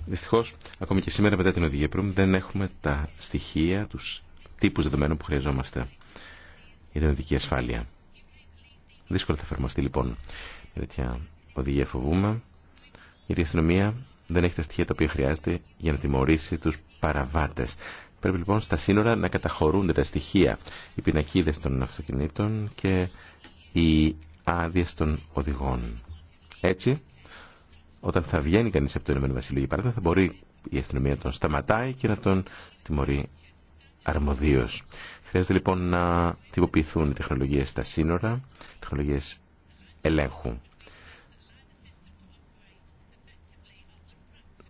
Δυστυχώ, ακόμη και σήμερα μετά την οδηγία πριν δεν έχουμε τα στοιχεία, του τύπου δεδομένων που χρειαζόμαστε για την οδική ασφάλεια. Δύσκολα θα εφαρμοστεί λοιπόν μια τέτοια οδηγία, φοβούμε, γιατί η αστυνομία δεν έχει τα στοιχεία τα οποία χρειάζεται για να τιμωρήσει του παραβάτε. Πρέπει λοιπόν στα σύνορα να καταχωρούνται τα στοιχεία, οι πινακίδες των αυτοκινήτων και οι άδειε των οδηγών. Έτσι, όταν θα βγαίνει κανείς από το Ηνωμένο Βασίλειο, για παράδειγμα, θα μπορεί η αστυνομία να τον σταματάει και να τον τιμωρεί αρμοδίως. Χρειάζεται λοιπόν να τυποποιηθούν οι τεχνολογίες στα σύνορα, τεχνολογίες ελέγχου.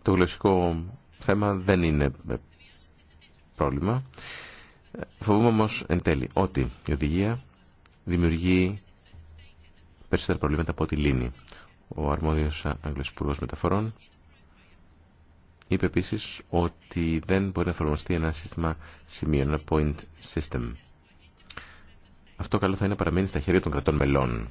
Το γλωσσικό θέμα δεν είναι πρόβλημα. Φοβούμαι όμω εν τέλει ότι η οδηγία δημιουργεί περισσότερα προβλήματα από ό,τι λύνει. Ο αρμόδιο Άγγλος Μεταφορών είπε επίση ότι δεν μπορεί να εφαρμοστεί ένα σύστημα σημείων, ένα point system. Αυτό καλό θα είναι να παραμείνει στα χέρια των κρατών μελών.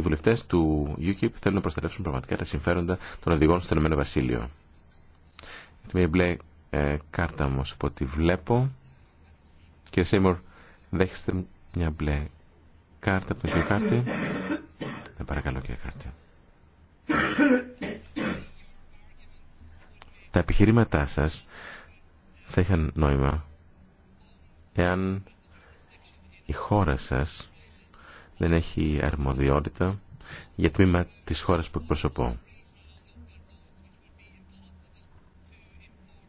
οι βουλευτέ του UKIP θέλουν να προστατεύσουν πραγματικά τα συμφέροντα των οδηγών στο Ηνωμένο Βασίλειο. Έχει μια μπλε ε, κάρτα όμω από ό,τι βλέπω. Κύριε Σέιμορ, δέχεστε μια μπλε κάρτα από τον κύριο Κάρτη. Ε, παρακαλώ κύριε Κάρτη. Τα επιχειρήματά σα θα είχαν νόημα εάν η χώρα σας δεν έχει αρμοδιότητα για τμήμα της χώρας που εκπροσωπώ.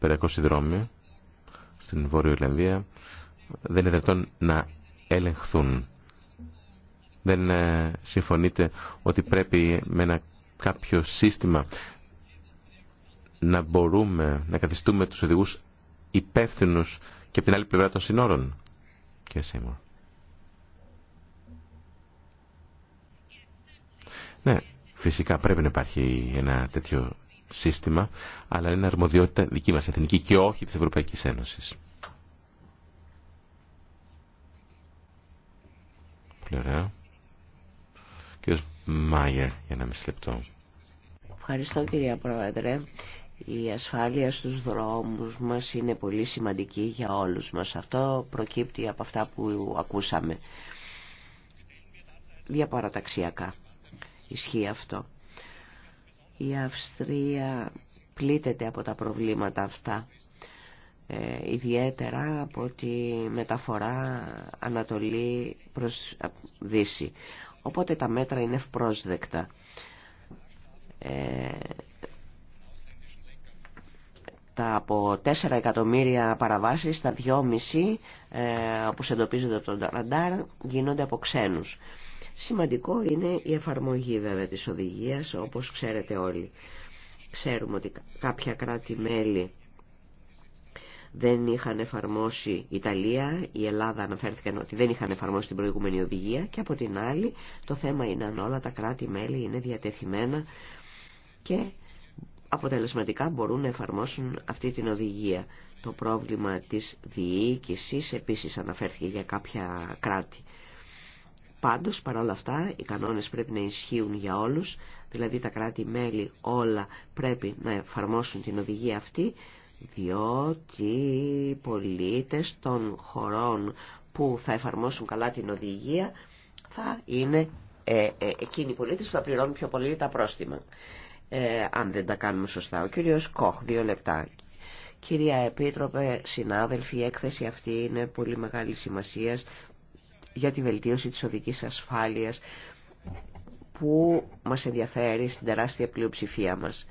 500 δρόμοι στην Βόρειο Ιρλανδία δεν είναι δυνατόν να ελεγχθούν. Δεν ε, συμφωνείτε ότι πρέπει με ένα κάποιο σύστημα να μπορούμε να καθιστούμε τους οδηγούς υπεύθυνους και από την άλλη πλευρά των συνόρων. και Ναι, φυσικά πρέπει να υπάρχει ένα τέτοιο σύστημα, αλλά είναι αρμοδιότητα δική μας εθνική και όχι της Ευρωπαϊκής Ένωσης. Πολύ ωραία. για να μισή Ευχαριστώ κυρία Πρόεδρε. Η ασφάλεια στους δρόμους μας είναι πολύ σημαντική για όλους μας. Αυτό προκύπτει από αυτά που ακούσαμε διαπαραταξιακά. Ισχύει αυτό. Η Αυστρία πλήττεται από τα προβλήματα αυτά. Ε, ιδιαίτερα από τη μεταφορά Ανατολή προς Δύση. Οπότε τα μέτρα είναι ευπρόσδεκτα. Ε, τα από 4 εκατομμύρια παραβάσεις, τα 2,5 ε, όπως εντοπίζονται από τον ραντάρ, γίνονται από ξένους. Σημαντικό είναι η εφαρμογή βέβαια της οδηγίας όπως ξέρετε όλοι. Ξέρουμε ότι κάποια κράτη-μέλη δεν είχαν εφαρμόσει η Ιταλία, η Ελλάδα αναφέρθηκαν ότι δεν είχαν εφαρμόσει την προηγούμενη οδηγία και από την άλλη το θέμα είναι αν όλα τα κράτη-μέλη είναι διατεθειμένα και αποτελεσματικά μπορούν να εφαρμόσουν αυτή την οδηγία. Το πρόβλημα της διοίκησης επίσης αναφέρθηκε για κάποια κράτη. Πάντως, παρόλα αυτά, οι κανόνες πρέπει να ισχύουν για όλους, δηλαδή τα κράτη-μέλη όλα πρέπει να εφαρμόσουν την οδηγία αυτή, διότι οι πολίτες των χωρών που θα εφαρμόσουν καλά την οδηγία θα είναι ε, ε, εκείνοι οι πολίτες που θα πληρώνουν πιο πολύ τα πρόστιμα. Ε, αν δεν τα κάνουμε σωστά. Ο κύριος Κοχ, δύο λεπτά. Κυρία Επίτροπε, συνάδελφοι, η έκθεση αυτή είναι πολύ μεγάλη σημασία για τη βελτίωση της οδικής ασφάλειας που μας ενδιαφέρει στην τεράστια πλειοψηφία μας.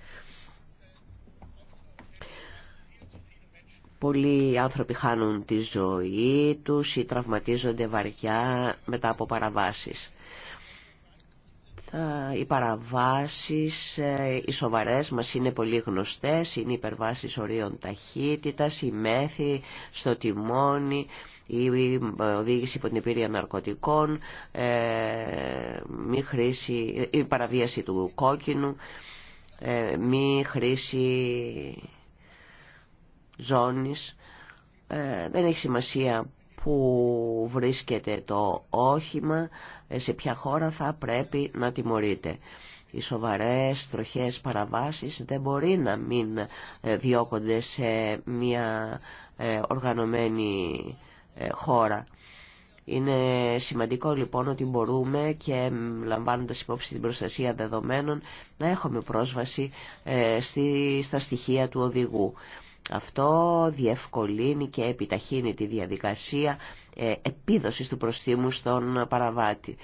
Πολλοί άνθρωποι χάνουν τη ζωή τους ή τραυματίζονται βαριά μετά από παραβάσεις. Οι παραβάσεις, ε, οι σοβαρές μας είναι πολύ γνωστές, είναι υπερβάσεις ορίων ταχύτητας, η μέθη στο τιμόνι, η ε, οδήγηση υπό την επίρρεια ναρκωτικών, ε, μη χρήση, η παραβίαση του κόκκινου, ε, μη χρήση ζώνης. Δεν έχει σημασία που βρίσκεται το όχημα, σε ποια χώρα θα πρέπει να τιμωρείται. Οι σοβαρές τροχές παραβάσεις δεν μπορεί να μην διώκονται σε μια οργανωμένη ε, χώρα. Είναι σημαντικό λοιπόν ότι μπορούμε και λαμβάνοντας υπόψη την προστασία δεδομένων να έχουμε πρόσβαση ε, στη, στα στοιχεία του οδηγού. Αυτό διευκολύνει και επιταχύνει τη διαδικασία ε, επίδοσης του προστίμου στον παραβάτη.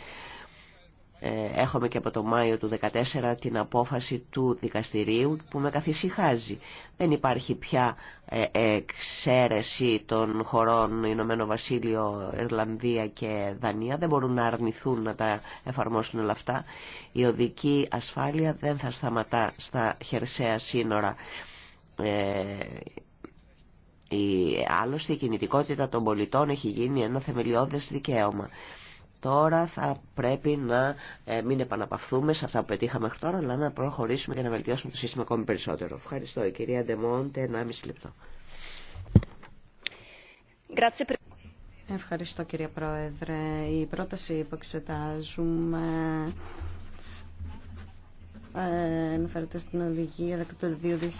Ε, έχουμε και από το Μάιο του 2014 την απόφαση του δικαστηρίου που με καθησυχάζει. Δεν υπάρχει πια ε, εξαίρεση των χωρών Ηνωμένο Βασίλειο, Ιρλανδία και Δανία. Δεν μπορούν να αρνηθούν να τα εφαρμόσουν όλα αυτά. Η οδική ασφάλεια δεν θα σταματά στα χερσαία σύνορα. Ε, η, άλλωστε η κινητικότητα των πολιτών έχει γίνει ένα θεμελιώδες δικαίωμα. Τώρα θα πρέπει να ε, μην επαναπαυθούμε σε αυτά που πετύχαμε μέχρι τώρα, αλλά να προχωρήσουμε και να βελτιώσουμε το σύστημα ακόμη περισσότερο. Ευχαριστώ. Η κυρία Ντεμόντε, 1,5 λεπτό. Ευχαριστώ κύριε Πρόεδρε. Η πρόταση που εξετάζουμε ε, αναφέρεται στην οδηγία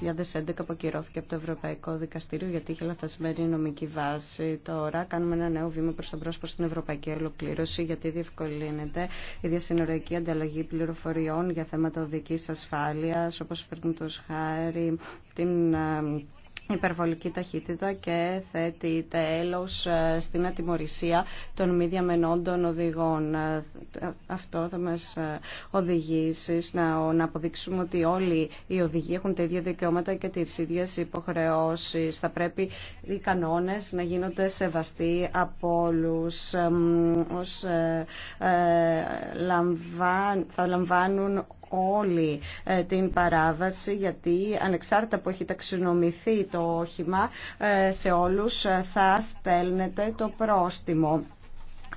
12-2011 που ακυρώθηκε από το Ευρωπαϊκό Δικαστήριο γιατί είχε λαθασμένη νομική βάση. Τώρα κάνουμε ένα νέο βήμα προς τον πρόσωπο στην Ευρωπαϊκή Ολοκλήρωση γιατί διευκολύνεται η διασυνοριακή ανταλλαγή πληροφοριών για θέματα οδικής ασφάλειας όπως φέρνουν χάρη την ε, υπερβολική ταχύτητα και θέτει τέλος ε, στην ατιμορρησία των μη διαμενόντων οδηγών. Ε, αυτό θα μας ε, οδηγήσει να αποδείξουμε ότι όλοι οι οδηγοί έχουν τα ίδια δικαιώματα και τις ίδιες υποχρεώσεις. Θα πρέπει οι κανόνες να γίνονται σεβαστοί από όλους. Ως, θα λαμβάνουν όλη ε, την παράβαση γιατί ανεξάρτητα που έχει ταξινομηθεί το όχημα ε, σε όλους ε, θα στέλνετε το πρόστιμο.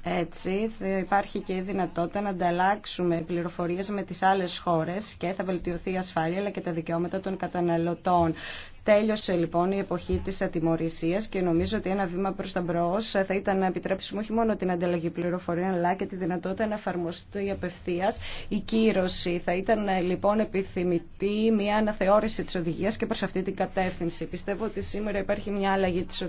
Έτσι υπάρχει και η δυνατότητα να ανταλλάξουμε πληροφορίες με τις άλλες χώρες και θα βελτιωθεί η ασφάλεια αλλά και τα δικαιώματα των καταναλωτών. Τέλειωσε λοιπόν η εποχή τη ατιμορρησία και νομίζω ότι ένα βήμα προ τα μπρο θα ήταν να επιτρέψουμε όχι μόνο την ανταλλαγή πληροφορίων αλλά και τη δυνατότητα να εφαρμοστεί απευθεία η κύρωση. Θα ήταν λοιπόν επιθυμητή μια αναθεώρηση τη οδηγία και προ αυτή την κατεύθυνση. Πιστεύω ότι σήμερα υπάρχει μια αλλαγή τη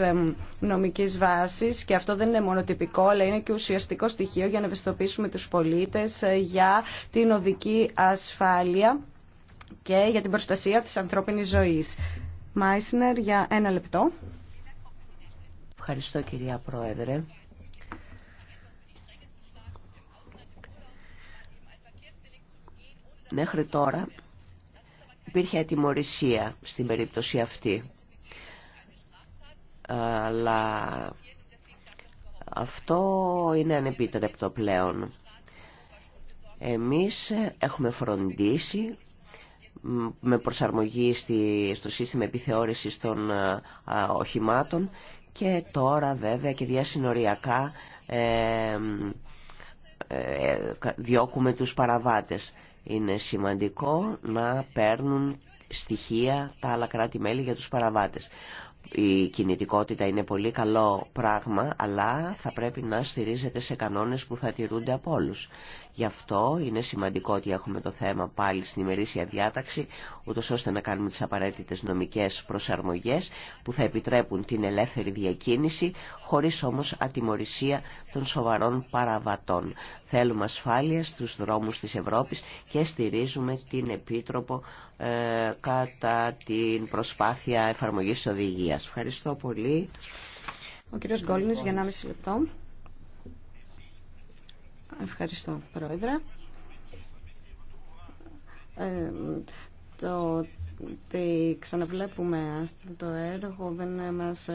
νομική νομικής βάσης και αυτό δεν είναι μόνο τυπικό αλλά είναι και ουσιαστικό στοιχείο για να ευαισθητοποιήσουμε του πολίτε ε, για την οδική ασφάλεια και για την προστασία της ανθρώπινης ζωής. Μάισνερ για ένα λεπτό. Ευχαριστώ κυρία Πρόεδρε. Μέχρι τώρα υπήρχε ατιμορρησία στην περίπτωση αυτή. Αλλά αυτό είναι ανεπίτρεπτο πλέον. Εμείς έχουμε φροντίσει με προσαρμογή στο σύστημα επιθεώρησης των ε, οχημάτων και τώρα βέβαια και διασυνοριακά ε, ε, διώκουμε τους παραβάτες. Είναι σημαντικό να παίρνουν στοιχεία τα άλλα κράτη-μέλη για τους παραβάτες. Η κινητικότητα είναι πολύ καλό πράγμα, αλλά θα πρέπει να στηρίζεται σε κανόνες που θα τηρούνται από όλους. Γι' αυτό είναι σημαντικό ότι έχουμε το θέμα πάλι στην ημερήσια διάταξη, ούτω ώστε να κάνουμε τις απαραίτητες νομικές προσαρμογές που θα επιτρέπουν την ελεύθερη διακίνηση, χωρίς όμως ατιμορρησία των σοβαρών παραβατών. Θέλουμε ασφάλεια στους δρόμους της Ευρώπης και στηρίζουμε την Επίτροπο ε, κατά την προσπάθεια εφαρμογής οδηγίας. Ευχαριστώ πολύ. Ο κύριος για λεπτό. Ευχαριστώ, Πρόεδρε. Ε, το ότι ξαναβλέπουμε αυτό το έργο δεν μας,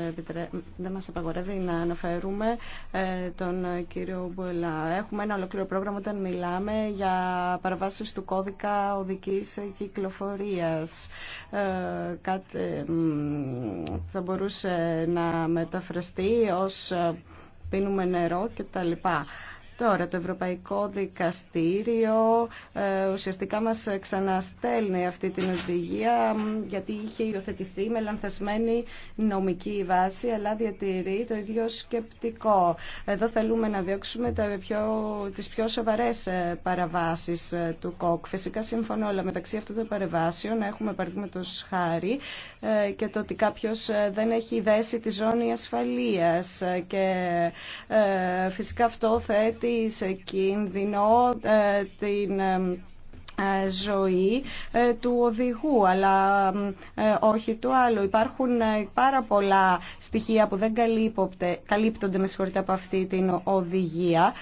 μας απαγορεύει να αναφέρουμε ε, τον κύριο Μπουελά. Έχουμε ένα ολοκληρό πρόγραμμα όταν μιλάμε για παραβάσεις του κώδικα οδικής κυκλοφορίας. Ε, κάτι θα μπορούσε να μεταφραστεί ως πίνουμε νερό κτλ. Τώρα το Ευρωπαϊκό Δικαστήριο ε, ουσιαστικά μας ξαναστέλνει αυτή την οδηγία γιατί είχε υιοθετηθεί με λανθασμένη νομική βάση αλλά διατηρεί το ίδιο σκεπτικό. Εδώ θέλουμε να διώξουμε τα πιο, τις πιο σοβαρές ε, παραβάσεις ε, του ΚΟΚ. Φυσικά συμφωνώ, αλλά μεταξύ αυτών των παρεμβάσεων έχουμε παραδείγματος χάρη και το ότι κάποιος δεν έχει δέσει τη ζώνη ασφαλείας και φυσικά αυτό θέτει σε κίνδυνο ε, την ε, ε, ζωή του οδηγού αλλά όχι του άλλου. Υπάρχουν πάρα πολλά στοιχεία που δεν καλύπτονται με συγχωρείτε από αυτή την οδηγία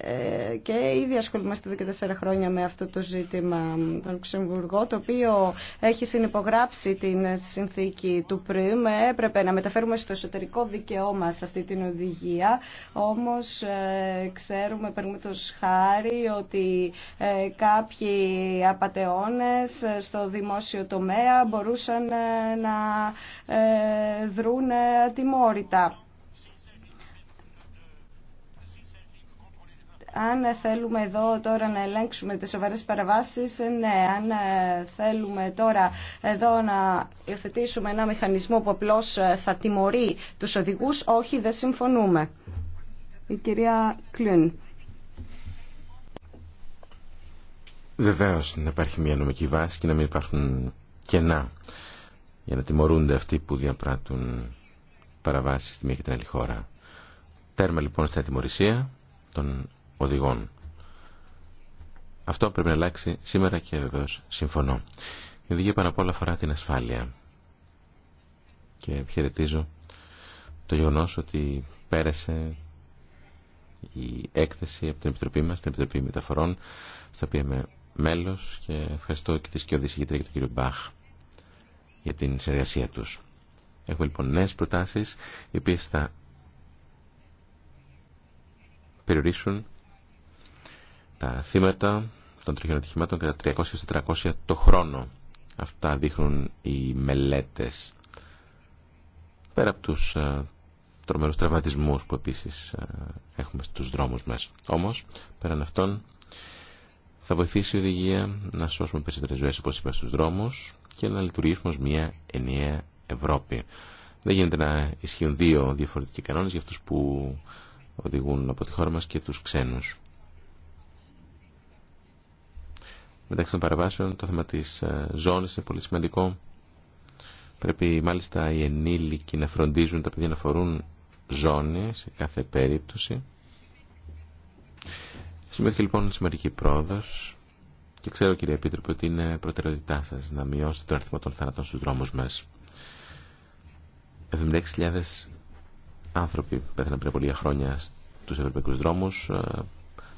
ε, και ήδη ασχολούμαστε εδώ και τέσσερα χρόνια με αυτό το ζήτημα το Λουξεμβουργό, το οποίο έχει συνυπογράψει την συνθήκη του ΠΡΙΜ. Έπρεπε να μεταφέρουμε στο εσωτερικό δικαιώμα σε αυτή την οδηγία, όμως ε, ξέρουμε το χάρη ότι ε, κάποιοι απατεώνες στο δημόσιο τομέα μπορούσαν να δρούν ατιμόρυτα. αν θέλουμε εδώ τώρα να ελέγξουμε τις σοβαρές παραβάσεις, ναι, αν ε, θέλουμε τώρα εδώ να υιοθετήσουμε ένα μηχανισμό που απλώ ε, θα τιμωρεί τους οδηγούς, όχι, δεν συμφωνούμε. Η κυρία Κλούν. Βεβαίω να υπάρχει μια νομική βάση και να μην υπάρχουν κενά για να τιμωρούνται αυτοί που διαπράττουν παραβάσεις στη μία και την άλλη χώρα. Τέρμα λοιπόν στα τιμωρησία των οδηγών. Αυτό πρέπει να αλλάξει σήμερα και βεβαίω συμφωνώ. Η οδηγία πάνω απ' όλα αφορά την ασφάλεια. Και χαιρετίζω το γεγονό ότι πέρασε η έκθεση από την Επιτροπή μα την Επιτροπή Μεταφορών, στα οποία είμαι μέλο και ευχαριστώ και τη Σκιώδη Συγκήτρια και τον κύριο Μπαχ για την συνεργασία του. Έχουμε λοιπόν νέε προτάσει οι οποίε θα περιορίσουν τα θύματα των τριχιών ατυχημάτων κατά 300-400 το χρόνο. Αυτά δείχνουν οι μελέτες. Πέρα από τους ε, τρομερούς τραυματισμούς που επίσης ε, έχουμε στους δρόμους μας. Όμως, πέραν αυτών, θα βοηθήσει η οδηγία να σώσουμε περισσότερες ζωές, όπως είπα, στους δρόμους και να λειτουργήσουμε ως μια ενιαία Ευρώπη. Δεν γίνεται να ισχύουν δύο διαφορετικοί κανόνες για αυτούς που οδηγούν από τη χώρα μας και τους ξένους. μεταξύ των παραβάσεων. Το θέμα της ε, ζώνης είναι πολύ σημαντικό. Πρέπει μάλιστα οι ενήλικοι να φροντίζουν τα παιδιά να φορούν ζώνη σε κάθε περίπτωση. Σημαίνει λοιπόν σημαντική πρόοδος και ξέρω κύριε Επίτροπε ότι είναι προτεραιότητά σας να μειώσετε τον αριθμό των θανάτων στου δρόμους μας. 76.000 άνθρωποι πέθαναν πριν από λίγα χρόνια στους ευρωπαϊκούς δρόμους. Ε,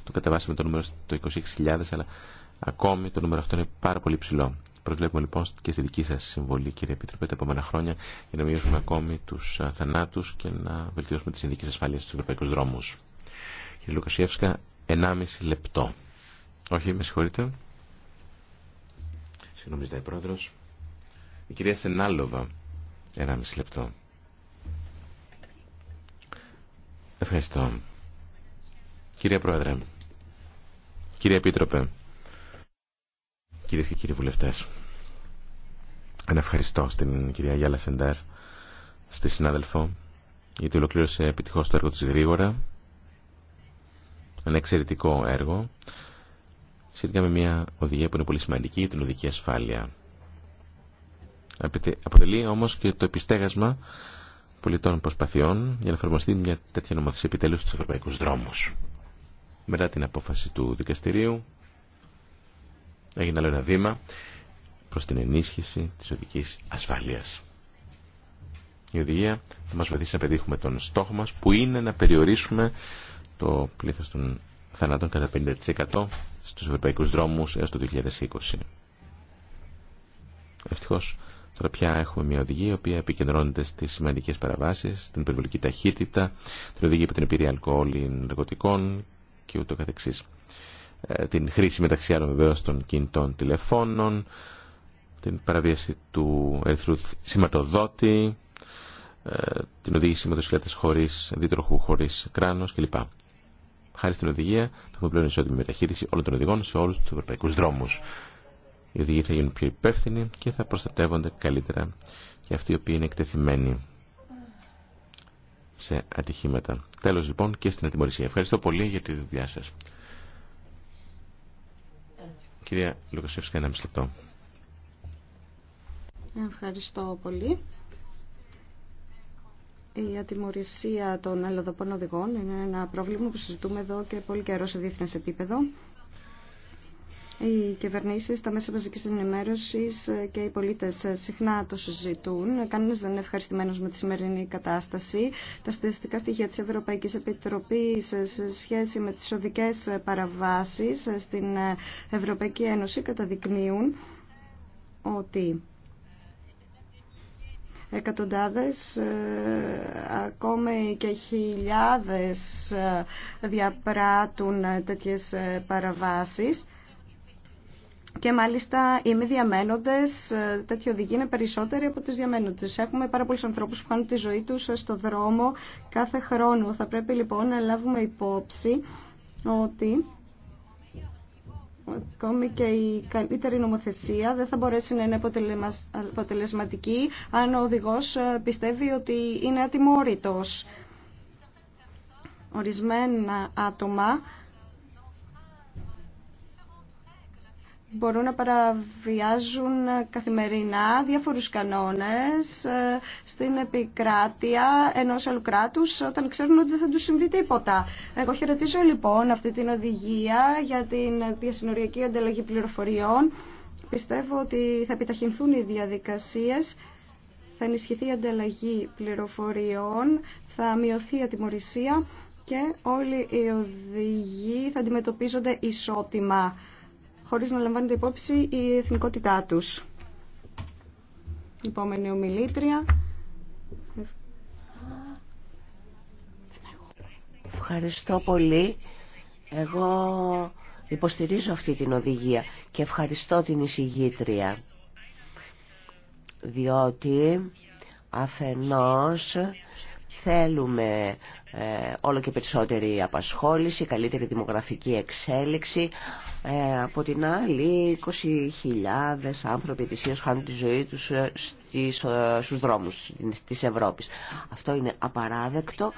το κατεβάσαμε το νούμερο στο 26.000 αλλά Ακόμη το νούμερο αυτό είναι πάρα πολύ ψηλό. Προσβλέπουμε λοιπόν και στη δική σας συμβολή κύριε Επίτροπε τα επόμενα χρόνια για να μειώσουμε ακόμη τους θανάτους και να βελτιώσουμε τις συνδίκες ασφαλείας στους ευρωπαϊκούς δρόμους. Κύριε Λουκασιεύσκα, 1,5 λεπτό. Όχι, με συγχωρείτε. Συγγνώμη, ζητάει πρόεδρος. Η κυρία Σενάλοβα, 1,5 λεπτό. Ευχαριστώ. Κύριε Πρόεδρε, κύριε Επίτροπε, Κυρίε και κύριοι βουλευτέ, ευχαριστώ στην κυρία Γιάλα Σεντάρ, στη συνάδελφο, γιατί ολοκλήρωσε επιτυχώ το έργο τη γρήγορα. Ένα εξαιρετικό έργο σχετικά με μια οδηγία που είναι πολύ σημαντική, την οδική ασφάλεια. Αποτελεί όμως και το επιστέγασμα πολιτών προσπαθειών για να εφαρμοστεί μια τέτοια νομοθεσία επιτέλους στους ευρωπαϊκούς δρόμους. Μετά την απόφαση του δικαστηρίου Έγινε άλλο ένα βήμα προς την ενίσχυση της οδικής ασφάλειας. Η οδηγία θα μας βοηθήσει να πετύχουμε τον στόχο μας που είναι να περιορίσουμε το πλήθος των θανάτων κατά 50% στους ευρωπαϊκούς δρόμους έως το 2020. Ευτυχώς τώρα πια έχουμε μια οδηγία η οποία επικεντρώνεται στις σημαντικές παραβάσεις, στην περιβολική ταχύτητα, την οδηγία από την εμπειρία αλκοόλ, ναρκωτικών και ούτω ε, την χρήση μεταξύ άλλων βεβαίω των κινητών τηλεφώνων, την παραβίαση του έρθρου σηματοδότη, ε, την οδήγηση με τους χωρίς δίτροχου, χωρίς κράνος κλπ. Χάρη στην οδηγία θα έχουμε πλέον ισότιμη μεταχείριση όλων των οδηγών σε όλους τους ευρωπαϊκούς δρόμους. Οι οδηγοί θα γίνουν πιο υπεύθυνοι και θα προστατεύονται καλύτερα και αυτοί οι οποίοι είναι εκτεθειμένοι σε ατυχήματα. Τέλος λοιπόν και στην ατιμωρήσια. Ευχαριστώ πολύ για τη δουλειά σα. Κυρία Λουκασίευσκα, Ευχαριστώ πολύ. Η ατιμορρησία των αλλοδαπών οδηγών είναι ένα πρόβλημα που συζητούμε εδώ και πολύ καιρό σε διεθνές επίπεδο. Οι κυβερνήσει, τα μέσα μαζική ενημέρωση και οι πολίτε συχνά το συζητούν. Κανένα δεν είναι ευχαριστημένο με τη σημερινή κατάσταση. Τα στατιστικά στοιχεία τη Ευρωπαϊκή Επιτροπή σε σχέση με τι οδικέ παραβάσει στην Ευρωπαϊκή Ένωση καταδεικνύουν ότι εκατοντάδες, ε, ακόμη και χιλιάδες ε, διαπράττουν τέτοιες ε, παραβάσεις και μάλιστα οι μη διαμένοντε, ε, τέτοιοι οδηγοί είναι περισσότεροι από του διαμένοντε. Έχουμε πάρα πολλού ανθρώπου που χάνουν τη ζωή του ε, στο δρόμο κάθε χρόνο. Θα πρέπει λοιπόν να λάβουμε υπόψη ότι ακόμη και η καλύτερη νομοθεσία δεν θα μπορέσει να είναι αποτελεσματική αν ο οδηγός ε, πιστεύει ότι είναι ατιμόρυτος. Ορισμένα άτομα μπορούν να παραβιάζουν καθημερινά διάφορους κανόνες ε, στην επικράτεια ενός άλλου κράτου όταν ξέρουν ότι δεν θα τους συμβεί τίποτα. Εγώ χαιρετίζω λοιπόν αυτή την οδηγία για την διασυνοριακή ανταλλαγή πληροφοριών. Πιστεύω ότι θα επιταχυνθούν οι διαδικασίες, θα ενισχυθεί η ανταλλαγή πληροφοριών, θα μειωθεί η ατιμορρησία και όλοι οι οδηγοί θα αντιμετωπίζονται ισότιμα χωρίς να λαμβάνεται υπόψη η εθνικότητά τους. Επόμενη ομιλήτρια. Ευχαριστώ πολύ. Εγώ υποστηρίζω αυτή την οδηγία και ευχαριστώ την εισηγήτρια διότι αφενός Θέλουμε ε, όλο και περισσότερη απασχόληση, καλύτερη δημογραφική εξέλιξη. Ε, από την άλλη, 20.000 άνθρωποι ετησίως χάνουν τη ζωή τους ε, στις, ε, στους δρόμους της Ευρώπης. Αυτό είναι απαράδεκτο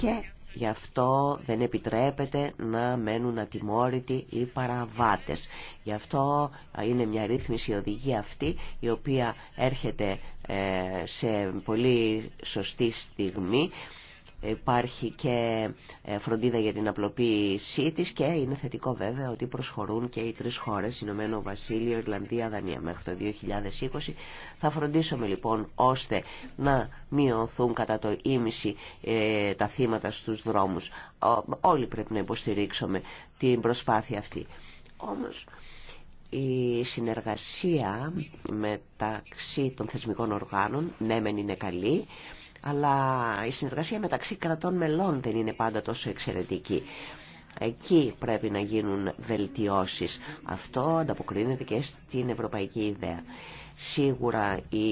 και γι' αυτό δεν επιτρέπεται να μένουν ατιμόρυτοι οι παραβάτες. Γι' αυτό είναι μια ρύθμιση οδηγία αυτή η οποία έρχεται ε, σε πολύ σωστή στιγμή. Υπάρχει και ε, φροντίδα για την απλοποίησή τη και είναι θετικό βέβαια ότι προσχωρούν και οι τρεις χώρες Ηνωμένο Βασίλειο, Ιρλανδία, Δανία. Μέχρι το 2020 θα φροντίσουμε λοιπόν ώστε να μειωθούν κατά το ίμιση ε, τα θύματα στους δρόμους Όλοι πρέπει να υποστηρίξουμε την προσπάθεια αυτή. Όμως η συνεργασία μεταξύ των θεσμικών οργάνων, ναι μεν είναι καλή, αλλά η συνεργασία μεταξύ κρατών μελών δεν είναι πάντα τόσο εξαιρετική. Εκεί πρέπει να γίνουν βελτιώσεις. Αυτό ανταποκρίνεται και στην ευρωπαϊκή ιδέα. Σίγουρα οι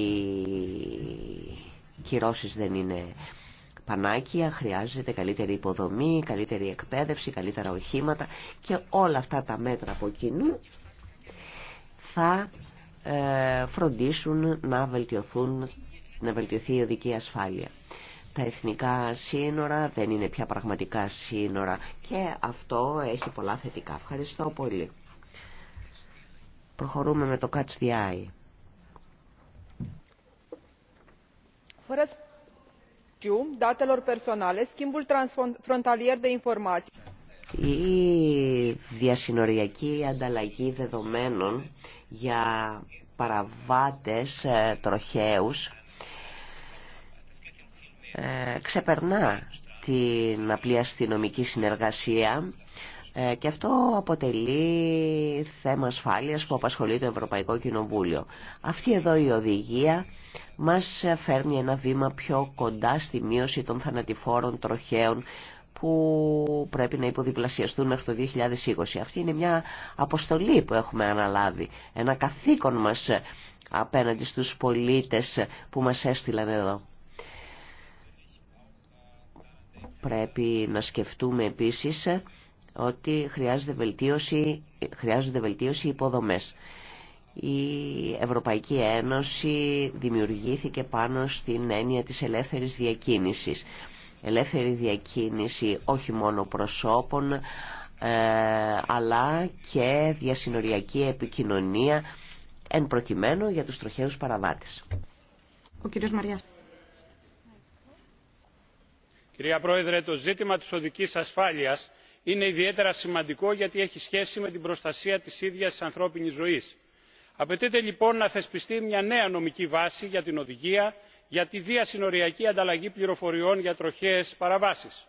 κυρώσεις δεν είναι πανάκια, χρειάζεται καλύτερη υποδομή, καλύτερη εκπαίδευση, καλύτερα οχήματα και όλα αυτά τα μέτρα από κοινού θα ε, φροντίσουν να, βελτιωθούν, να βελτιωθεί η οδική ασφάλεια. Τα εθνικά σύνορα δεν είναι πια πραγματικά σύνορα και αυτό έχει πολλά θετικά. Ευχαριστώ πολύ. Προχωρούμε με το Catch the Eye. Η διασυνοριακή ανταλλαγή δεδομένων για παραβάτες ε, τροχαίους ε, ξεπερνά την απλή αστυνομική συνεργασία ε, και αυτό αποτελεί θέμα ασφάλειας που απασχολεί το Ευρωπαϊκό Κοινοβούλιο. Αυτή εδώ η οδηγία μας φέρνει ένα βήμα πιο κοντά στη μείωση των θανατηφόρων τροχαίων που πρέπει να υποδιπλασιαστούν μέχρι το 2020. Αυτή είναι μια αποστολή που έχουμε αναλάβει, ένα καθήκον μας απέναντι στους πολίτες που μας έστειλαν εδώ. Πρέπει να σκεφτούμε επίσης ότι χρειάζεται βελτίωση, χρειάζονται βελτίωση υποδομές. Η Ευρωπαϊκή Ένωση δημιουργήθηκε πάνω στην έννοια της ελεύθερης διακίνησης ελεύθερη διακίνηση όχι μόνο προσώπων ε, αλλά και διασυνοριακή επικοινωνία εν προκειμένου για τους τροχαίους παραβάτες. Ο κύριος Μαριάς. Κυρία Πρόεδρε, το ζήτημα της οδικής ασφάλειας είναι ιδιαίτερα σημαντικό γιατί έχει σχέση με την προστασία της ίδιας της ανθρώπινης ζωής. Απαιτείται λοιπόν να θεσπιστεί μια νέα νομική βάση για την οδηγία για τη διασυνοριακή ανταλλαγή πληροφοριών για τροχαίες παραβάσεις.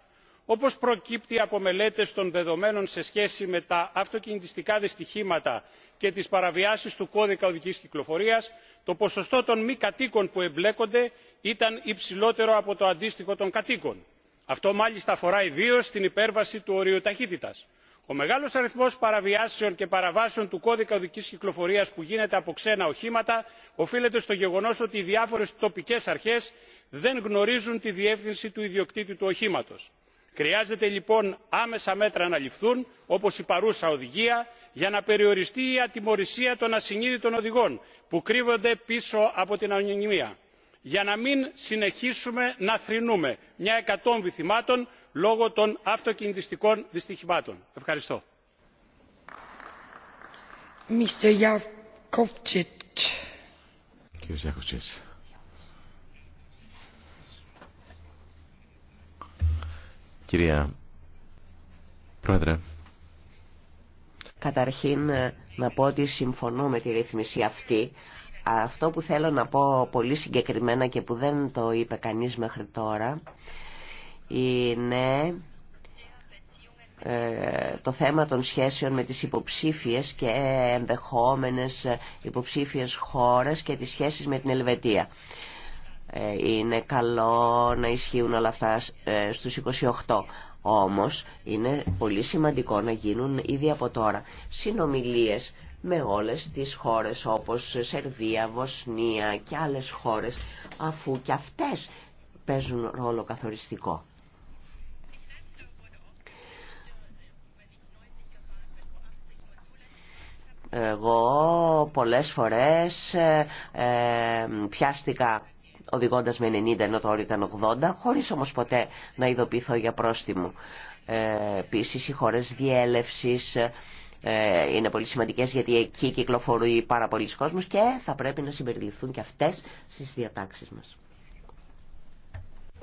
όπως προκύπτει από μελέτες των δεδομένων σε σχέση με τα αυτοκινητιστικά δυστυχήματα και τις παραβιάσεις του κώδικα οδικής κυκλοφορίας το ποσοστό των μη κατοίκων που εμπλέκονται ήταν υψηλότερο από το αντίστοιχο των κατοίκων. αυτό μάλιστα αφορά ιδίως την υπέρβαση του ορίου ταχύτητας ο μεγάλος αριθμός παραβιάσεων και παραβάσεων του κώδικα οδικής κυκλοφορίας που γίνεται από ξένα οχήματα οφείλεται στο γεγονός ότι οι διάφορες τοπικές αρχές δεν γνωρίζουν τη διεύθυνση του ιδιοκτήτη του οχήματος. χρειάζεται λοιπόν άμεσα μέτρα να ληφθούν όπως η παρούσα οδηγία για να περιοριστεί η ατιμορρησία των ασυνείδητων οδηγών που κρύβονται πίσω από την ανωνυμία για να μην συνεχίσουμε να θρηνούμε μια εκατόμβη θυμάτων λόγω των αυτοκινητιστικών δυστυχημάτων. Ευχαριστώ. Κυρία Πρόεδρε. Καταρχήν ε, να πω ότι συμφωνώ με τη ρύθμιση αυτή. Αυτό που θέλω να πω πολύ συγκεκριμένα και που δεν το είπε κανείς μέχρι τώρα είναι ε, το θέμα των σχέσεων με τις υποψήφιες και ενδεχόμενες υποψήφιες χώρες και τις σχέσεις με την Ελβετία. Ε, είναι καλό να ισχύουν όλα αυτά ε, στους 28. Όμως είναι πολύ σημαντικό να γίνουν ήδη από τώρα συνομιλίες με όλες τις χώρες όπως Σερβία, Βοσνία και άλλες χώρες αφού και αυτές παίζουν ρόλο καθοριστικό. Εγώ πολλές φορές ε, ε, πιάστηκα οδηγώντας με 90 ενώ το ήταν 80, χωρίς όμως ποτέ να ειδοποιηθώ για πρόστιμο. Ε, επίσης οι χώρες διέλευσης ε, είναι πολύ σημαντικές γιατί εκεί κυκλοφορεί πάρα πολλοί κόσμος και θα πρέπει να συμπεριληφθούν και αυτές στις διατάξεις μας.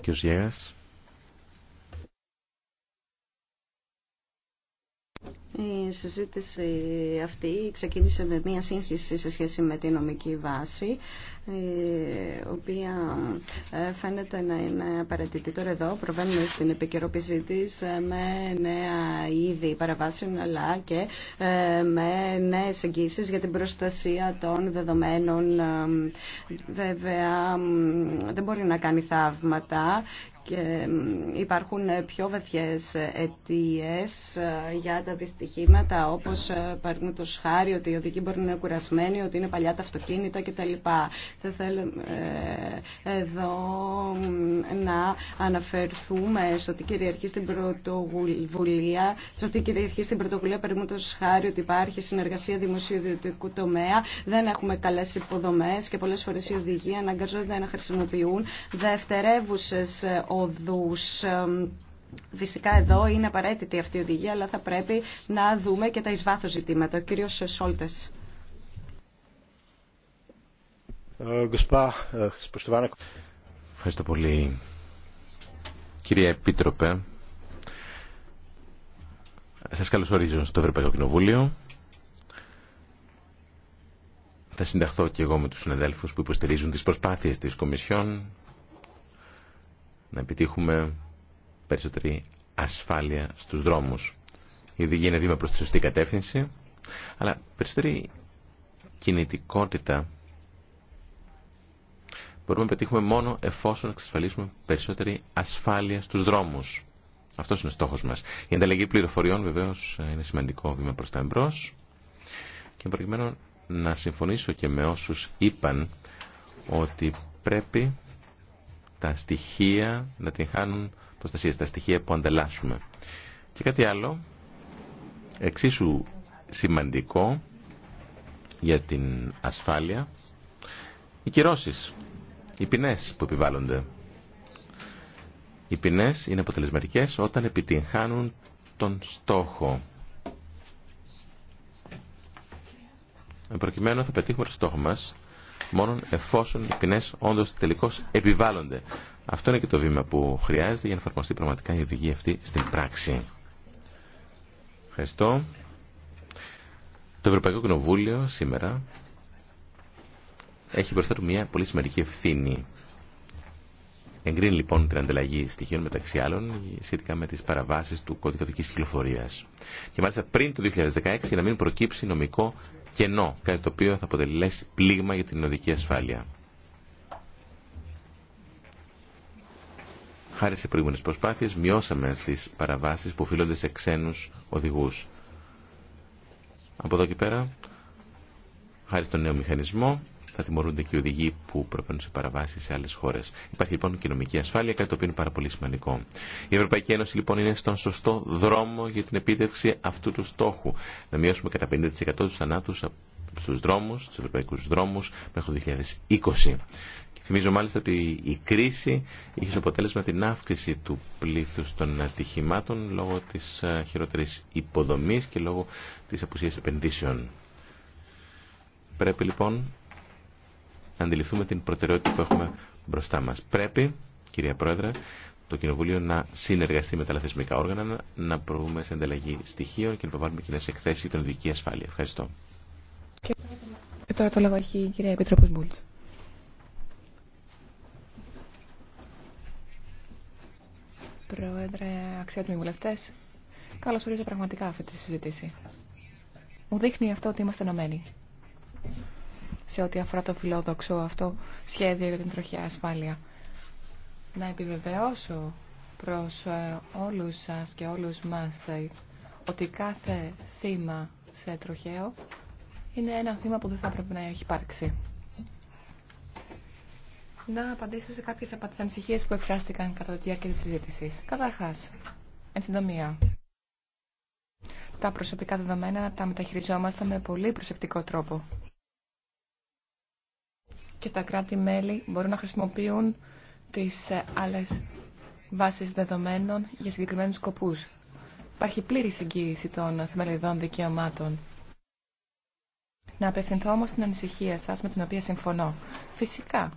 Κύριος Η συζήτηση αυτή ξεκίνησε με μία σύγχυση σε σχέση με τη νομική βάση, η οποία ε, φαίνεται να είναι απαραίτητη. Τώρα εδώ προβαίνουμε στην επικαιροποίησή τη ε, με νέα είδη παραβάσεων, αλλά και ε, με νέε εγγύσει για την προστασία των δεδομένων. Βέβαια, δεν μπορεί να κάνει θαύματα και υπάρχουν πιο βαθιές αιτίε ε, για τα δυστυχήματα όπως ε, το σχάρι ότι οι οδηγοί μπορεί να είναι κουρασμένοι, ότι είναι παλιά τα αυτοκίνητα κτλ. Θα θέλαμε ε, εδώ να αναφερθούμε στο ότι κυριαρχεί στην πρωτοβουλία, στο ότι κυριαρχεί στην πρωτοβουλία το χάρη ότι υπάρχει συνεργασία δημοσίου τομέα, δεν έχουμε καλές υποδομές και πολλές φορές οι οδηγοί αναγκαζόνται να χρησιμοποιούν δευτερεύουσες οδούς. Φυσικά εδώ είναι απαραίτητη αυτή η οδηγία, αλλά θα πρέπει να δούμε και τα εις βάθος ζητήματα. Ο κύριος Σόλτες. Ε, ε, Ευχαριστώ πολύ. Κύριε Επίτροπε, σας καλωσορίζω στο Ευρωπαϊκό Κοινοβούλιο. Θα συνταχθώ και εγώ με τους συναδέλφους που υποστηρίζουν τις προσπάθειες της Κομισιόν να επιτύχουμε περισσότερη ασφάλεια στους δρόμους. Η οδηγία είναι βήμα προς τη σωστή κατεύθυνση, αλλά περισσότερη κινητικότητα μπορούμε να πετύχουμε μόνο εφόσον εξασφαλίσουμε περισσότερη ασφάλεια στους δρόμους. Αυτός είναι ο στόχος μας. Η ανταλλαγή πληροφοριών βεβαίως είναι σημαντικό βήμα προς τα εμπρό. και προκειμένου να συμφωνήσω και με όσους είπαν ότι πρέπει τα στοιχεία να την χάνουν προστασία, τα στοιχεία που ανταλλάσσουμε. Και κάτι άλλο, εξίσου σημαντικό για την ασφάλεια, οι κυρώσεις, οι ποινές που επιβάλλονται. Οι ποινές είναι αποτελεσματικές όταν επιτυγχάνουν τον στόχο. Προκειμένου θα πετύχουμε το στόχο μας Μόνο εφόσον οι ποινέ όντω τελικώ επιβάλλονται. Αυτό είναι και το βήμα που χρειάζεται για να εφαρμοστεί πραγματικά η οδηγία αυτή στην πράξη. Ευχαριστώ. Το Ευρωπαϊκό Κοινοβούλιο σήμερα έχει μπροστά του μια πολύ σημαντική ευθύνη. Εγκρίνει λοιπόν την ανταλλαγή στοιχείων μεταξύ άλλων σχετικά με τι παραβάσει του κώδικα δική κυκλοφορία. Και μάλιστα πριν το 2016 για να μην προκύψει νομικό κενό, κάτι το οποίο θα αποτελέσει πλήγμα για την οδική ασφάλεια. Χάρη σε προηγούμενε προσπάθειες μειώσαμε τις παραβάσεις που οφείλονται σε ξένου οδηγού. Από εδώ και πέρα, χάρη στον νέο μηχανισμό, θα τιμωρούνται και οι οδηγοί που προπαίνουν σε παραβάσει σε άλλε χώρε. Υπάρχει λοιπόν και νομική ασφάλεια, κάτι το οποίο είναι πάρα πολύ σημαντικό. Η Ευρωπαϊκή Ένωση λοιπόν είναι στον σωστό δρόμο για την επίτευξη αυτού του στόχου. Να μειώσουμε κατά 50% του θανάτου στου δρόμου, στου Ευρωπαϊκού δρόμου μέχρι το 2020. θυμίζω μάλιστα ότι η κρίση είχε ως αποτέλεσμα την αύξηση του πλήθους των ατυχημάτων λόγω της ε, χειρότερη υποδομής και λόγω της απουσίας επενδύσεων. Πρέπει λοιπόν να αντιληφθούμε την προτεραιότητα που έχουμε μπροστά μας. Πρέπει, κυρία Πρόεδρε, το Κοινοβούλιο να συνεργαστεί με τα λαθεσμικά όργανα, να προβούμε σε ανταλλαγή στοιχείων και να προβάλλουμε κοινέ εκθέσει για την οδική ασφάλεια. Ευχαριστώ. Και τώρα το λόγο έχει η κυρία Επίτροπος Μπούλτ. Πρόεδρε, αξιότιμοι βουλευτέ, καλώ ορίζω πραγματικά αυτή τη συζήτηση. Μου δείχνει αυτό ότι είμαστε ενωμένοι σε ό,τι αφορά το φιλόδοξο αυτό σχέδιο για την τροχιά ασφάλεια. Να επιβεβαιώσω προς ε, όλους σας και όλους μας ε, ότι κάθε θύμα σε τροχαίο είναι ένα θύμα που δεν θα πρέπει να έχει υπάρξει. Να απαντήσω σε κάποιες από τις ανησυχίες που εκφράστηκαν κατά τη διάρκεια της συζήτησης. Καταρχάς, εν συντομία, τα προσωπικά δεδομένα τα μεταχειριζόμαστε με πολύ προσεκτικό τρόπο και τα κράτη-μέλη μπορούν να χρησιμοποιούν τις ε, άλλες βάσεις δεδομένων για συγκεκριμένους σκοπούς. Υπάρχει πλήρη εγγύηση των θεμελιδών δικαιωμάτων. Να απευθυνθώ όμως την ανησυχία σας με την οποία συμφωνώ. Φυσικά,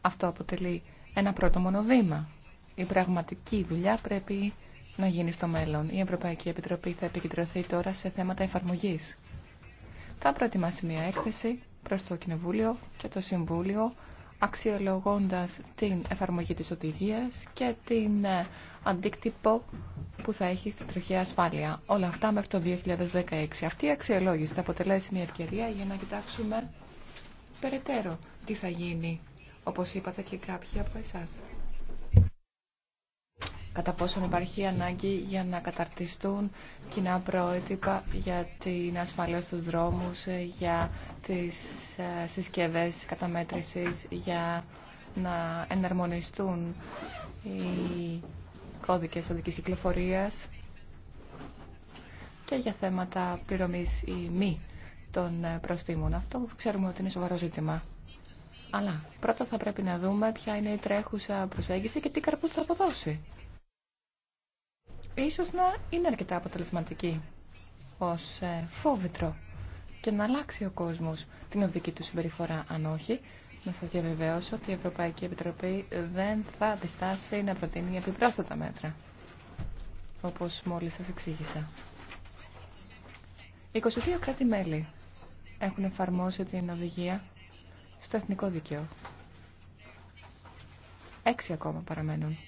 αυτό αποτελεί ένα πρώτο μόνο βήμα. Η πραγματική δουλειά πρέπει να γίνει στο μέλλον. Η Ευρωπαϊκή Επιτροπή θα επικεντρωθεί τώρα σε θέματα εφαρμογής. Θα προετοιμάσει μια έκθεση προς το Κοινοβούλιο και το Συμβούλιο αξιολογώντας την εφαρμογή της οδηγίας και την ε, αντίκτυπο που θα έχει στην τροχιά ασφάλεια. Όλα αυτά μέχρι το 2016. Αυτή η αξιολόγηση θα αποτελέσει μια ευκαιρία για να κοιτάξουμε περαιτέρω τι θα γίνει, όπως είπατε και κάποιοι από εσάς κατά πόσον υπάρχει ανάγκη για να καταρτιστούν κοινά πρότυπα για την ασφάλεια στους δρόμους, ε, για τις ε, συσκευές καταμέτρησης, για να εναρμονιστούν οι κώδικες οδικής κυκλοφορίας και για θέματα πληρωμής ή μη των ε, προστήμων. Αυτό ξέρουμε ότι είναι σοβαρό ζήτημα. Αλλά πρώτα θα πρέπει να δούμε ποια είναι η τρέχουσα προσέγγιση και τι καρπούς θα αποδώσει ίσως να είναι αρκετά αποτελεσματική ως ε, φόβητρο και να αλλάξει ο κόσμος την οδική του συμπεριφορά. Αν όχι, να σας διαβεβαιώσω ότι η Ευρωπαϊκή Επιτροπή δεν θα διστάσει να προτείνει επιπρόσθετα μέτρα, όπως μόλις σας εξήγησα. 22 κράτη-μέλη έχουν εφαρμόσει την οδηγία στο εθνικό δίκαιο. Έξι ακόμα παραμένουν.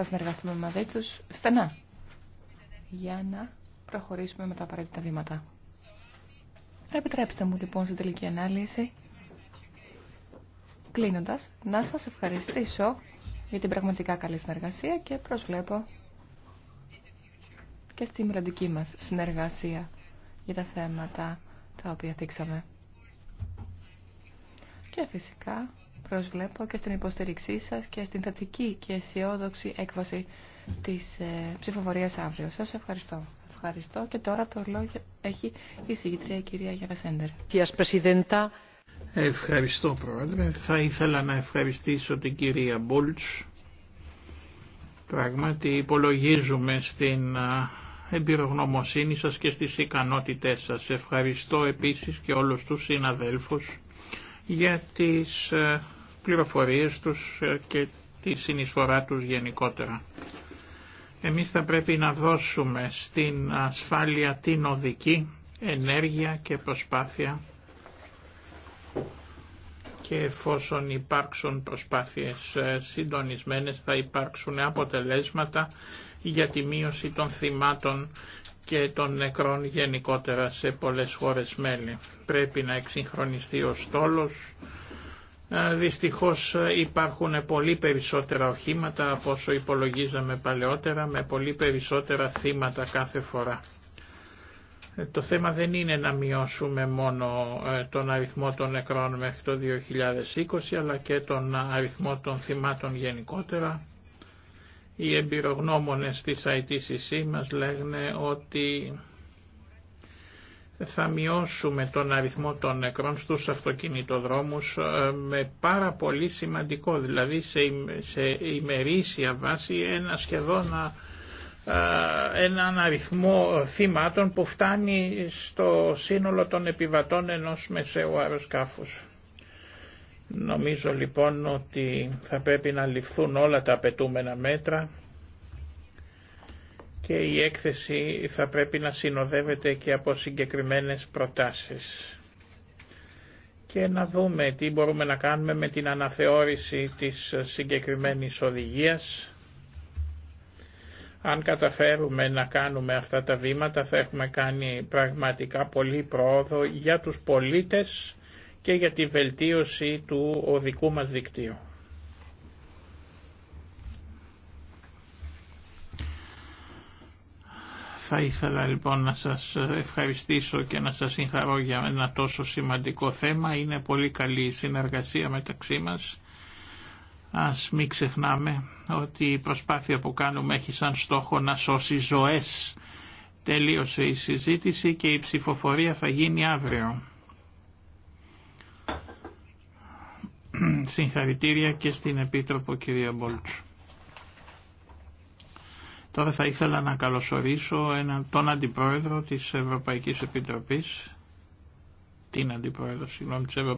Θα συνεργαστούμε μαζί τους στενά για να προχωρήσουμε με τα απαραίτητα βήματα. Επιτρέψτε μου λοιπόν στην τελική ανάλυση, κλείνοντας, να σας ευχαριστήσω για την πραγματικά καλή συνεργασία και προσβλέπω και στη μελλοντική μας συνεργασία για τα θέματα τα οποία δείξαμε. Και φυσικά Προσβλέπω και στην υποστήριξή σα και στην θετική και αισιόδοξη έκβαση της ε, ψηφοφορία αύριο. Σας ευχαριστώ. Ευχαριστώ και τώρα το λόγο έχει η κυρία η κυρία Γιάννα Ευχαριστώ Πρόεδρε. Θα ήθελα να ευχαριστήσω την κυρία Μπούλτς. Πράγματι υπολογίζουμε στην εμπειρογνωμοσύνη σας και στις ικανότητές σας. Ευχαριστώ επίσης και όλους τους συναδέλφους για τις πληροφορίες τους ε, και τη συνεισφορά τους γενικότερα. Εμείς θα πρέπει να δώσουμε στην ασφάλεια την οδική ενέργεια και προσπάθεια και εφόσον υπάρξουν προσπάθειες ε, συντονισμένες θα υπάρξουν αποτελέσματα για τη μείωση των θυμάτων και των νεκρών γενικότερα σε πολλές χώρες μέλη. Πρέπει να εξυγχρονιστεί ο στόλος, Δυστυχώς ε, υπάρχουν πολύ περισσότερα οχήματα από όσο υπολογίζαμε παλαιότερα με πολύ περισσότερα θύματα κάθε φορά. Ε, το θέμα δεν είναι να μειώσουμε μόνο ε, τον αριθμό των νεκρών μέχρι το 2020 αλλά και τον αριθμό των θυμάτων γενικότερα. Οι εμπειρογνώμονες της ITCC μας λέγνε ότι θα μειώσουμε τον αριθμό των νεκρών στους αυτοκινητοδρόμους ε, με πάρα πολύ σημαντικό, δηλαδή σε, σε ημερήσια βάση ένα σχεδόν ε, ένα αριθμό θυμάτων που φτάνει στο σύνολο των επιβατών ενός μεσαίου αεροσκάφους. Νομίζω λοιπόν ότι θα πρέπει να ληφθούν όλα τα απαιτούμενα μέτρα και η έκθεση θα πρέπει να συνοδεύεται και από συγκεκριμένες προτάσεις και να δούμε τι μπορούμε να κάνουμε με την αναθεώρηση της συγκεκριμένης οδηγίας. Αν καταφέρουμε να κάνουμε αυτά τα βήματα θα έχουμε κάνει πραγματικά πολύ πρόοδο για τους πολίτες και για τη βελτίωση του οδικού μας δικτύου. Θα ήθελα λοιπόν να σας ευχαριστήσω και να σας συγχαρώ για ένα τόσο σημαντικό θέμα. Είναι πολύ καλή η συνεργασία μεταξύ μας. Ας μην ξεχνάμε ότι η προσπάθεια που κάνουμε έχει σαν στόχο να σώσει ζωές. Τελείωσε η συζήτηση και η ψηφοφορία θα γίνει αύριο. Συγχαρητήρια και στην Επίτροπο κυρία Μπολτσου. Τώρα θα ήθελα να καλωσορίσω έναν, τον Αντιπρόεδρο της Ευρωπαϊκής Επιτροπής, την Αντιπρόεδρο, συγγνώμη, της Ευρωπαϊκής